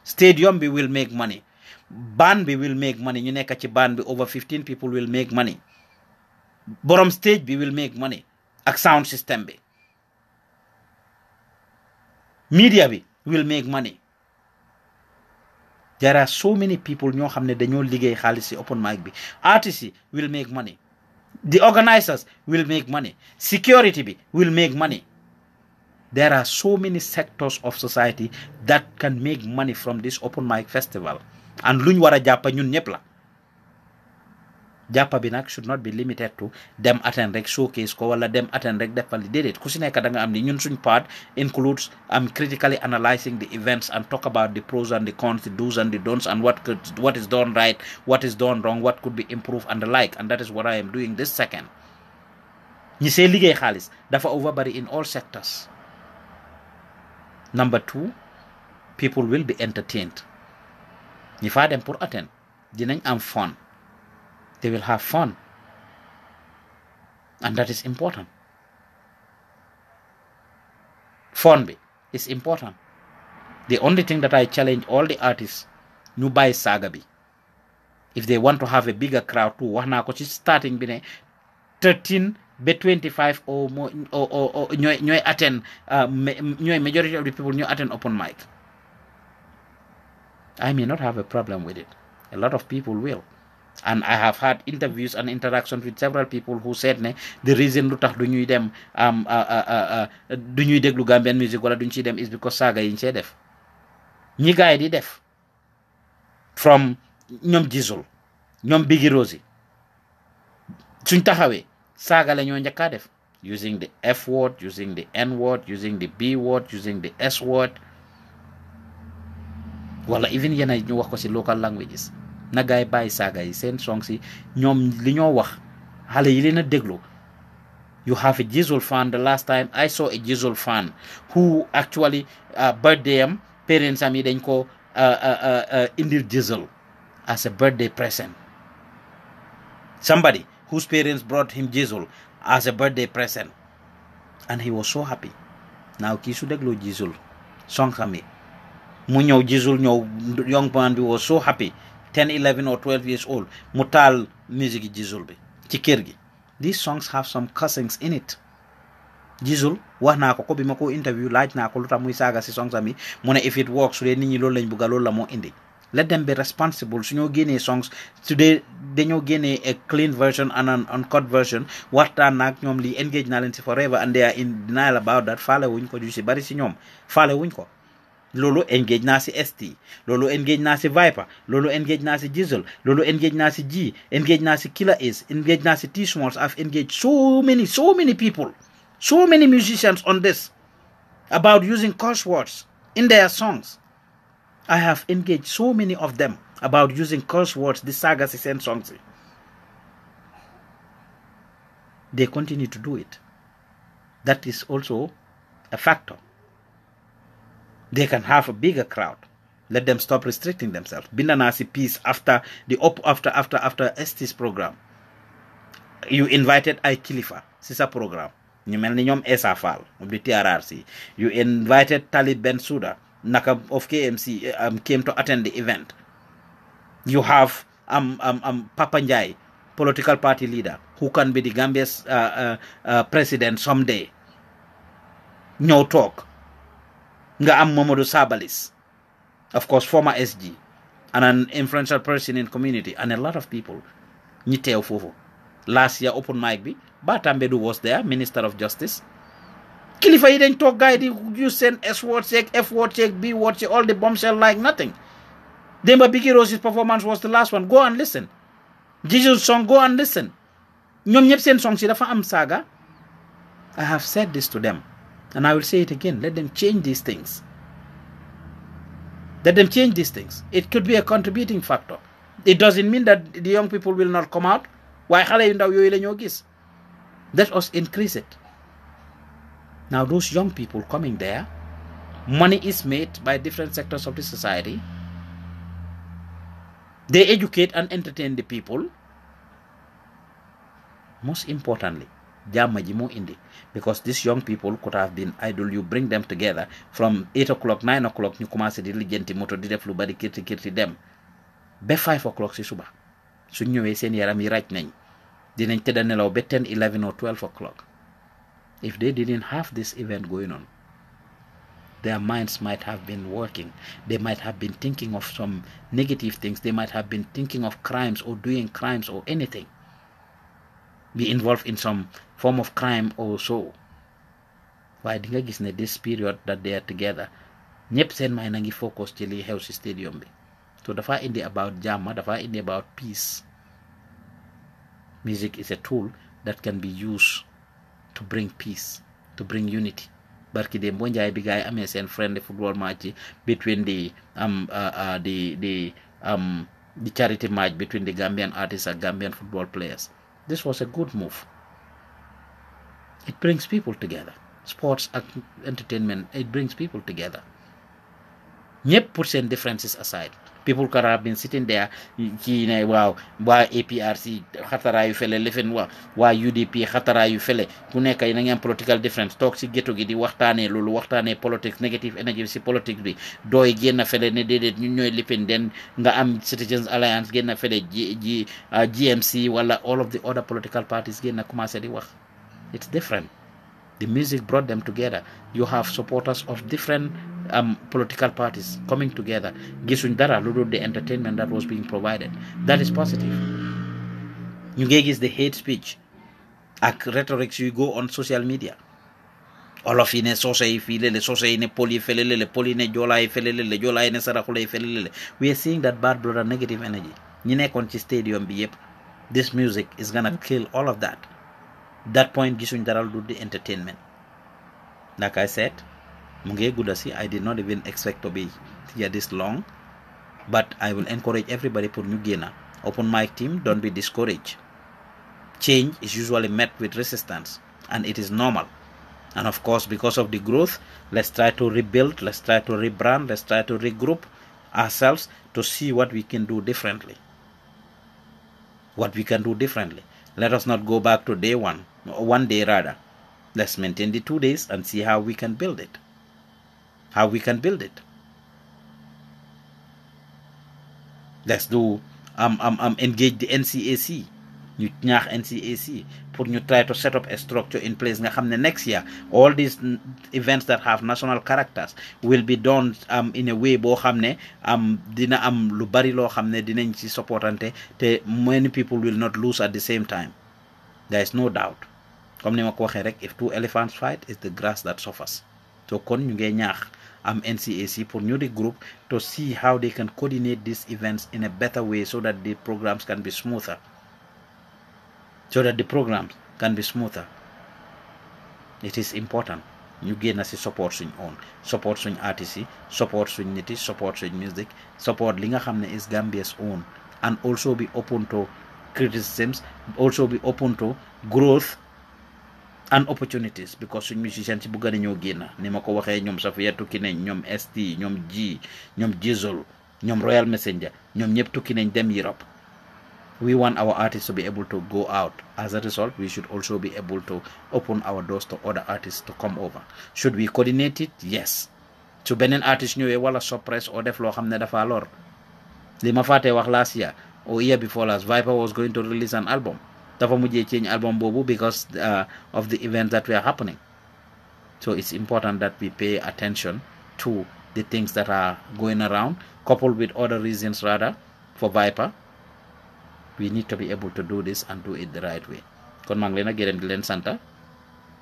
stadium bi will make money band bi will make money ñu nekk ci ban bi over 15 people will make money borom stage bi will make money ak sound system bi media bi will make money there are so many people ñoo xam ne dañoo liggéey xaalis si open mic bi artistes yi will make money the organisers will make money security bi will make money there are so many sectors of society that can make money from this open mic festival and luñ war a jàppa ñun ñëpp la jàppa bi nag should not be limited to dem attend rek showcase ko wala dem attend rek defal li déedéet ku si nekk am ni ñun suñ part includes am critically analysing the events and talk about the pros and the cons the do's and the don'ts and what is done right what is done wrong what could be improved and the like and that is what I am doing this second ñi see liggéey xaalis dafa over bari in all sectors number two people will be entertained ñi faa dem pour attend dinañ am fun they will have fun. And that is important. Fun is important. The only thing that I challenge all the artists, Nubai Sagabi, if they want to have a bigger crowd too, Wahna Kochi starting bine 13 be 25 or more or, or, or ñoy attend uh, majority of the people new attend open mic i may not have a problem with it a lot of people will and I have had interviews and interactions with several people who said ne the reason lu tax du ñuy dem am um, uh, uh, uh, du ñuy déglu Gambian music wala duñ ciy dem is because saaga yiñ see def ñi gaay di def from ñoom jisul ñoom bigi rosi suñ taxawee saaga la ñoo njëkkaa def using the F word using the N word using the B word using the S word wala even yenn ñu wax ko si local languages na gaay bàyyi saaga yi seen songs yi ñoom li ñoo wax xale yi leen a déglu you have a Jizzle fan the last time I saw a Jizzle fan who actually uh, birthday am parents am yi dañ ko uh, uh, indil Jizzle as a birthday present somebody whose parents brought him Jizzle as a birthday present and he was so happy now kii su dégloo Jizzle song am mu ñëw Jizzle ñëw young man bi was so happy 10 11 or 12 years old mu taal musique yi jisul bi ci kër gi these songs have some cussings in it jisul wax naa ko ko bi ma ko interview laaj naa ko lu tax muy saaga si songs am mu ne if it works su ni ñi loolu lañ bugga loolu la moo indi let them be responsible su ñoo génnee songs su dee dañoo génnee a clean version and an uncut version waxtaan naag ñoom lii engage naa leen si forever and they are in denial about that faale wuñ ko bari si ñoom faale ko Lolo engage naa si ST loolu engage naa si Viper loolu engage naa si Diesel Lolo engage naa si G engage naa si Killer Ace engage naa si T Smalls I've engaged so many so many people so many musicians on this about using curse words in their songs I have engaged so many of them about using curse words the sagas and songs they continue to do it that is also a factor they can have a bigger crowd. Let them stop restricting themselves. Bindanasi peace after the op- after after after Estes program. You invited I Khalifa, Sisa program. you invited Talib Suda, naka of KMC eh, um, came to attend the event you have um, um, um, Papa political party leader who can be the Gambia's uh, uh, uh, president someday No talk nga am Momodu Sabalis, of course, former SG, and an influential person in community, and a lot of people. Niteo Fofo. Last year, open mic bi, Batambedu was there, Minister of Justice. Kilifa, he didn't talk guy, you send S word check, F word check, B word check, all the bombshell like nothing. Demba Biki Rose's performance was the last one. Go and listen. Jesus' song, go and listen. ñoom ñëpp seen song si dafa am saga. I have said this to them and I will say it again let them change these things. Let them change these things. It could be a contributing factor. It doesn't mean that the young people will not come out. Why xale Let us increase it. Now, those young people coming there, money is made by different sectors of the society. They educate and entertain the people. Most importantly, their majimu indi because these young people could have been idle you bring them together from 8 o'clock 9 o'clock ñu commencé di lijjanti moto di def lu bari kirti kirti dem be 5 o'clock si suba suñ ñëwee seen yaram right raj nañ dinañ tëdd nelaw 10 11 or 12 o'clock if they didn't have this event going on their minds might have been working. They might have been thinking of some negative things. They might have been thinking of crimes or doing crimes or anything. be involved in some form of crime or so waaye di nga gis ne this period that they together ñëpp seen may na ngi focus ci li xew si stadium bi so dafa indi about jàmm dafa indi about peace music is a tool that can be used to bring peace to bring unity barki dem boo njaay bi gaay amee seen friendly football match between the um the the um the charity match between the Gambian artists ak Gambian football players This was a good move. It brings people together. Sports ak entertainment it brings people together. ñëpp pour seen differences aside people could have been sitting there kii waaw waa APRC yu fele lefen waa waa UDP xataraayu fele ku nekk na ngeen political difference toog si gétto gi di waxtaanee loolu waxtaanee politics negative energy si politique bi dooy génn fele ne déedéet ñun ñooy lippin den nga am Citizens Alliance génn fele ji ji GMC ah, wala all of the other political parties génn commencé di wax it's different the music brought them together you have supporters of different um, political parties coming together gives Ndara of the entertainment that was being provided. That is positive. Nyugegi is the hate speech, like rhetoric you go on social media. olof yi ne soose yi fii lele soose yi ne pol yi fele lele pol yi ne jola yi fele lele joolaa ne saraxula yi fele lele we are seeing that bad blood and negative energy You nekkoon ci stadium be, this music is gonna kill all of that that point gisuñ dara lu the entertainment like I said mungi i did not even expect to be here this long but i will encourage everybody for New Guinea. open mic team don't be discouraged change is usually met with resistance and it is normal and of course because of the growth let's try to rebuild let's try to rebrand let's try to regroup ourselves to see what we can do differently what we can do differently let us not go back to day one one day rather let's maintain the two days and see how we can build it how we can build it. Let's do um, um, um, engage the NCAC ñu NCAC pour you try to set up a structure in place nga next year all these events that have national characters will be done um, in a way boo hamne um, dina am supportante te many people will not lose at the same time there is no doubt comme ni ma ko rek if two elephants fight it's the grass that suffers so kon ñu ngee ñaax um, NCAC for Purnuti Group to see how they can coordinate these events in a better way so that the programs can be smoother. So that the programs can be smoother. It is important. ñu génn si support suñ own support suñ artistes yi support support music support Linga nga is Gambia's own and also be open to criticisms also be open to growth and opportunities because suñ musiciens yi bëgg nañoo génn ni ma ko waxee ñoom Safiya tukki nañ ñoom ST ñoom G ñoom Jizzle ñoom Royal Messenger ñoom ñëpp tukki nañ dem Europe we want our artists to be able to go out as a result we should also be able to open our doors to other artists to come over should we coordinate it yes su beneen artist ñëwee wala surprise. oo def loo xam ne dafa lor li ma wax last year or year before last Viper was going to release an album dafa mujjee change album Bobu because uh, of the events that were happening so it's important that we pay attention to the things that are going around coupled with other reasons rather for Viper we need to be able to do this and do it the right way kon maa ngi leen a di leen santa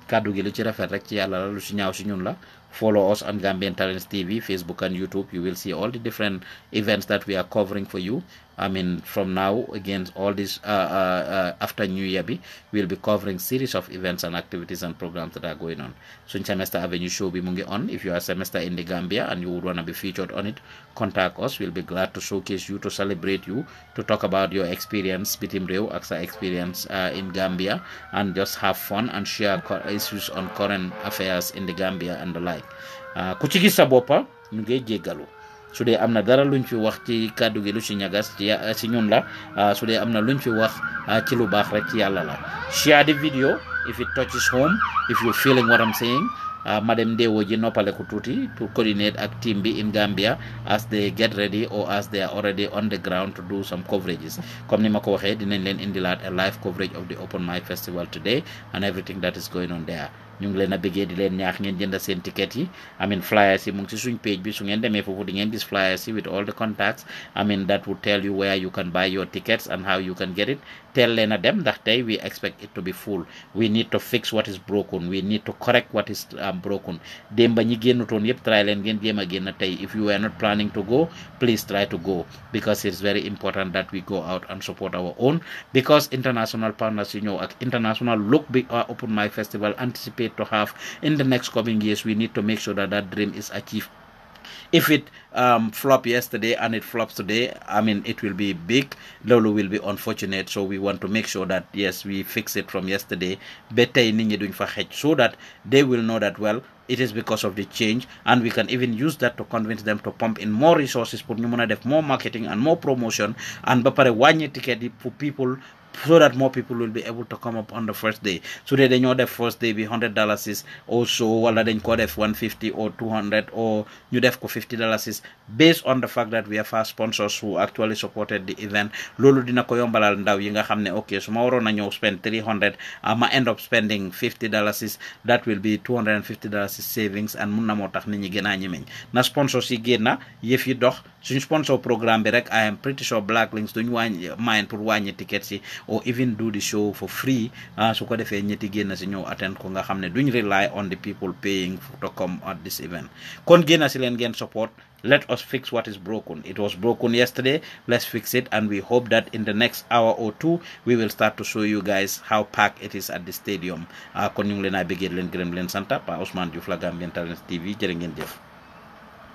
kàddu gi lu ci rafet rek ci yàlla la lu ci ñaaw ci ñun la Follow us on Gambian Talents TV, Facebook and YouTube. You will see all the different events that we are covering for you. I mean, from now again, all this uh, uh, uh, after New Year, be, we'll be covering series of events and activities and programs that are going on. So, Semester Avenue Show be mungi on. If you are a semester in the Gambia and you would want to be featured on it, contact us. We'll be glad to showcase you, to celebrate you, to talk about your experience, bitim reo, AXA experience uh, in Gambia, and just have fun and share issues on current affairs in the Gambia and the like. taxawaay ah, ku ci gis sa boppa ñu ngi jéggalu su dee am na dara luñ fi wax ci kàddu gi lu si ñagas ci si ñun la ah, su dee am na luñ fi wax ah, ci lu baax rek ci yàlla la share the video if it touches home if you feeling what I'm saying Madam Dewo ji noppale ko tuuti to coordinate ak team bi in Gambia as they get ready or as they are already on to do some coverages comme ni ma ko waxee dinañ leen indilaat a live coverage of the Open Mic Festival today and everything that on ñu ngi leen a bëggee di leen ñaax ngeen jënd seen ticket yi amin flyers yi mu ngi si suñ page bi su ngeen demee foofu di ngeen gis flyers yi with all the contacts amin that will tell you where you can buy your tickets and how you can get it Tell them that dem we expect it to be full we need to fix what is broken we need to correct what is um, broken démba a if you are not planning to go please try to go because it's very important that we go out and support our own because international partners you know, international look be our uh, open my festival anticipate to have in the next coming years we need to make sure that that dream is achieved if it um, flopped yesterday and it flops today, I mean, it will be big. Lulu will be unfortunate. So we want to make sure that, yes, we fix it from yesterday. Better in doing for so that they will know that, well, it is because of the change and we can even use that to convince them to pump in more resources for more marketing and more promotion and ba one year ticket for people so that more people will be able to come up on the first day su dee dañoo def first day bi hundred dalasis or so wala dañ ko def one fifty or two hundred or ñu def ko fifty dalasis based on the fact that we have our sponsors who actually supported the event loolu dina ko yombalal ndaw yi nga xam ne ok su ma waroon na ñëw spend three hundred ah, ma end up spending fifty dalasis that will be savings and mun na moo tax nit ñi gën a ñemeñ na sponsors yi génn na yëf yi dox suñ sponsor programme bi I am pretty sure Black Links duñ wàññi mind pour wàññi tickets yi or even do the show for free ah, su ko defee ñetti génn si ñëw attend ko nga do ne duñ rely on the people paying to come at this event kon génn si leen ngeen support let us fix what is broken. It was broken yesterday. Let's fix it. And we hope that in the next hour or two, we will start to show you guys how packed it is at the stadium. Ah, kon ñu leen a leen gërëm leen Pa Ousmane Diouf la Gambian TV jërë jëf.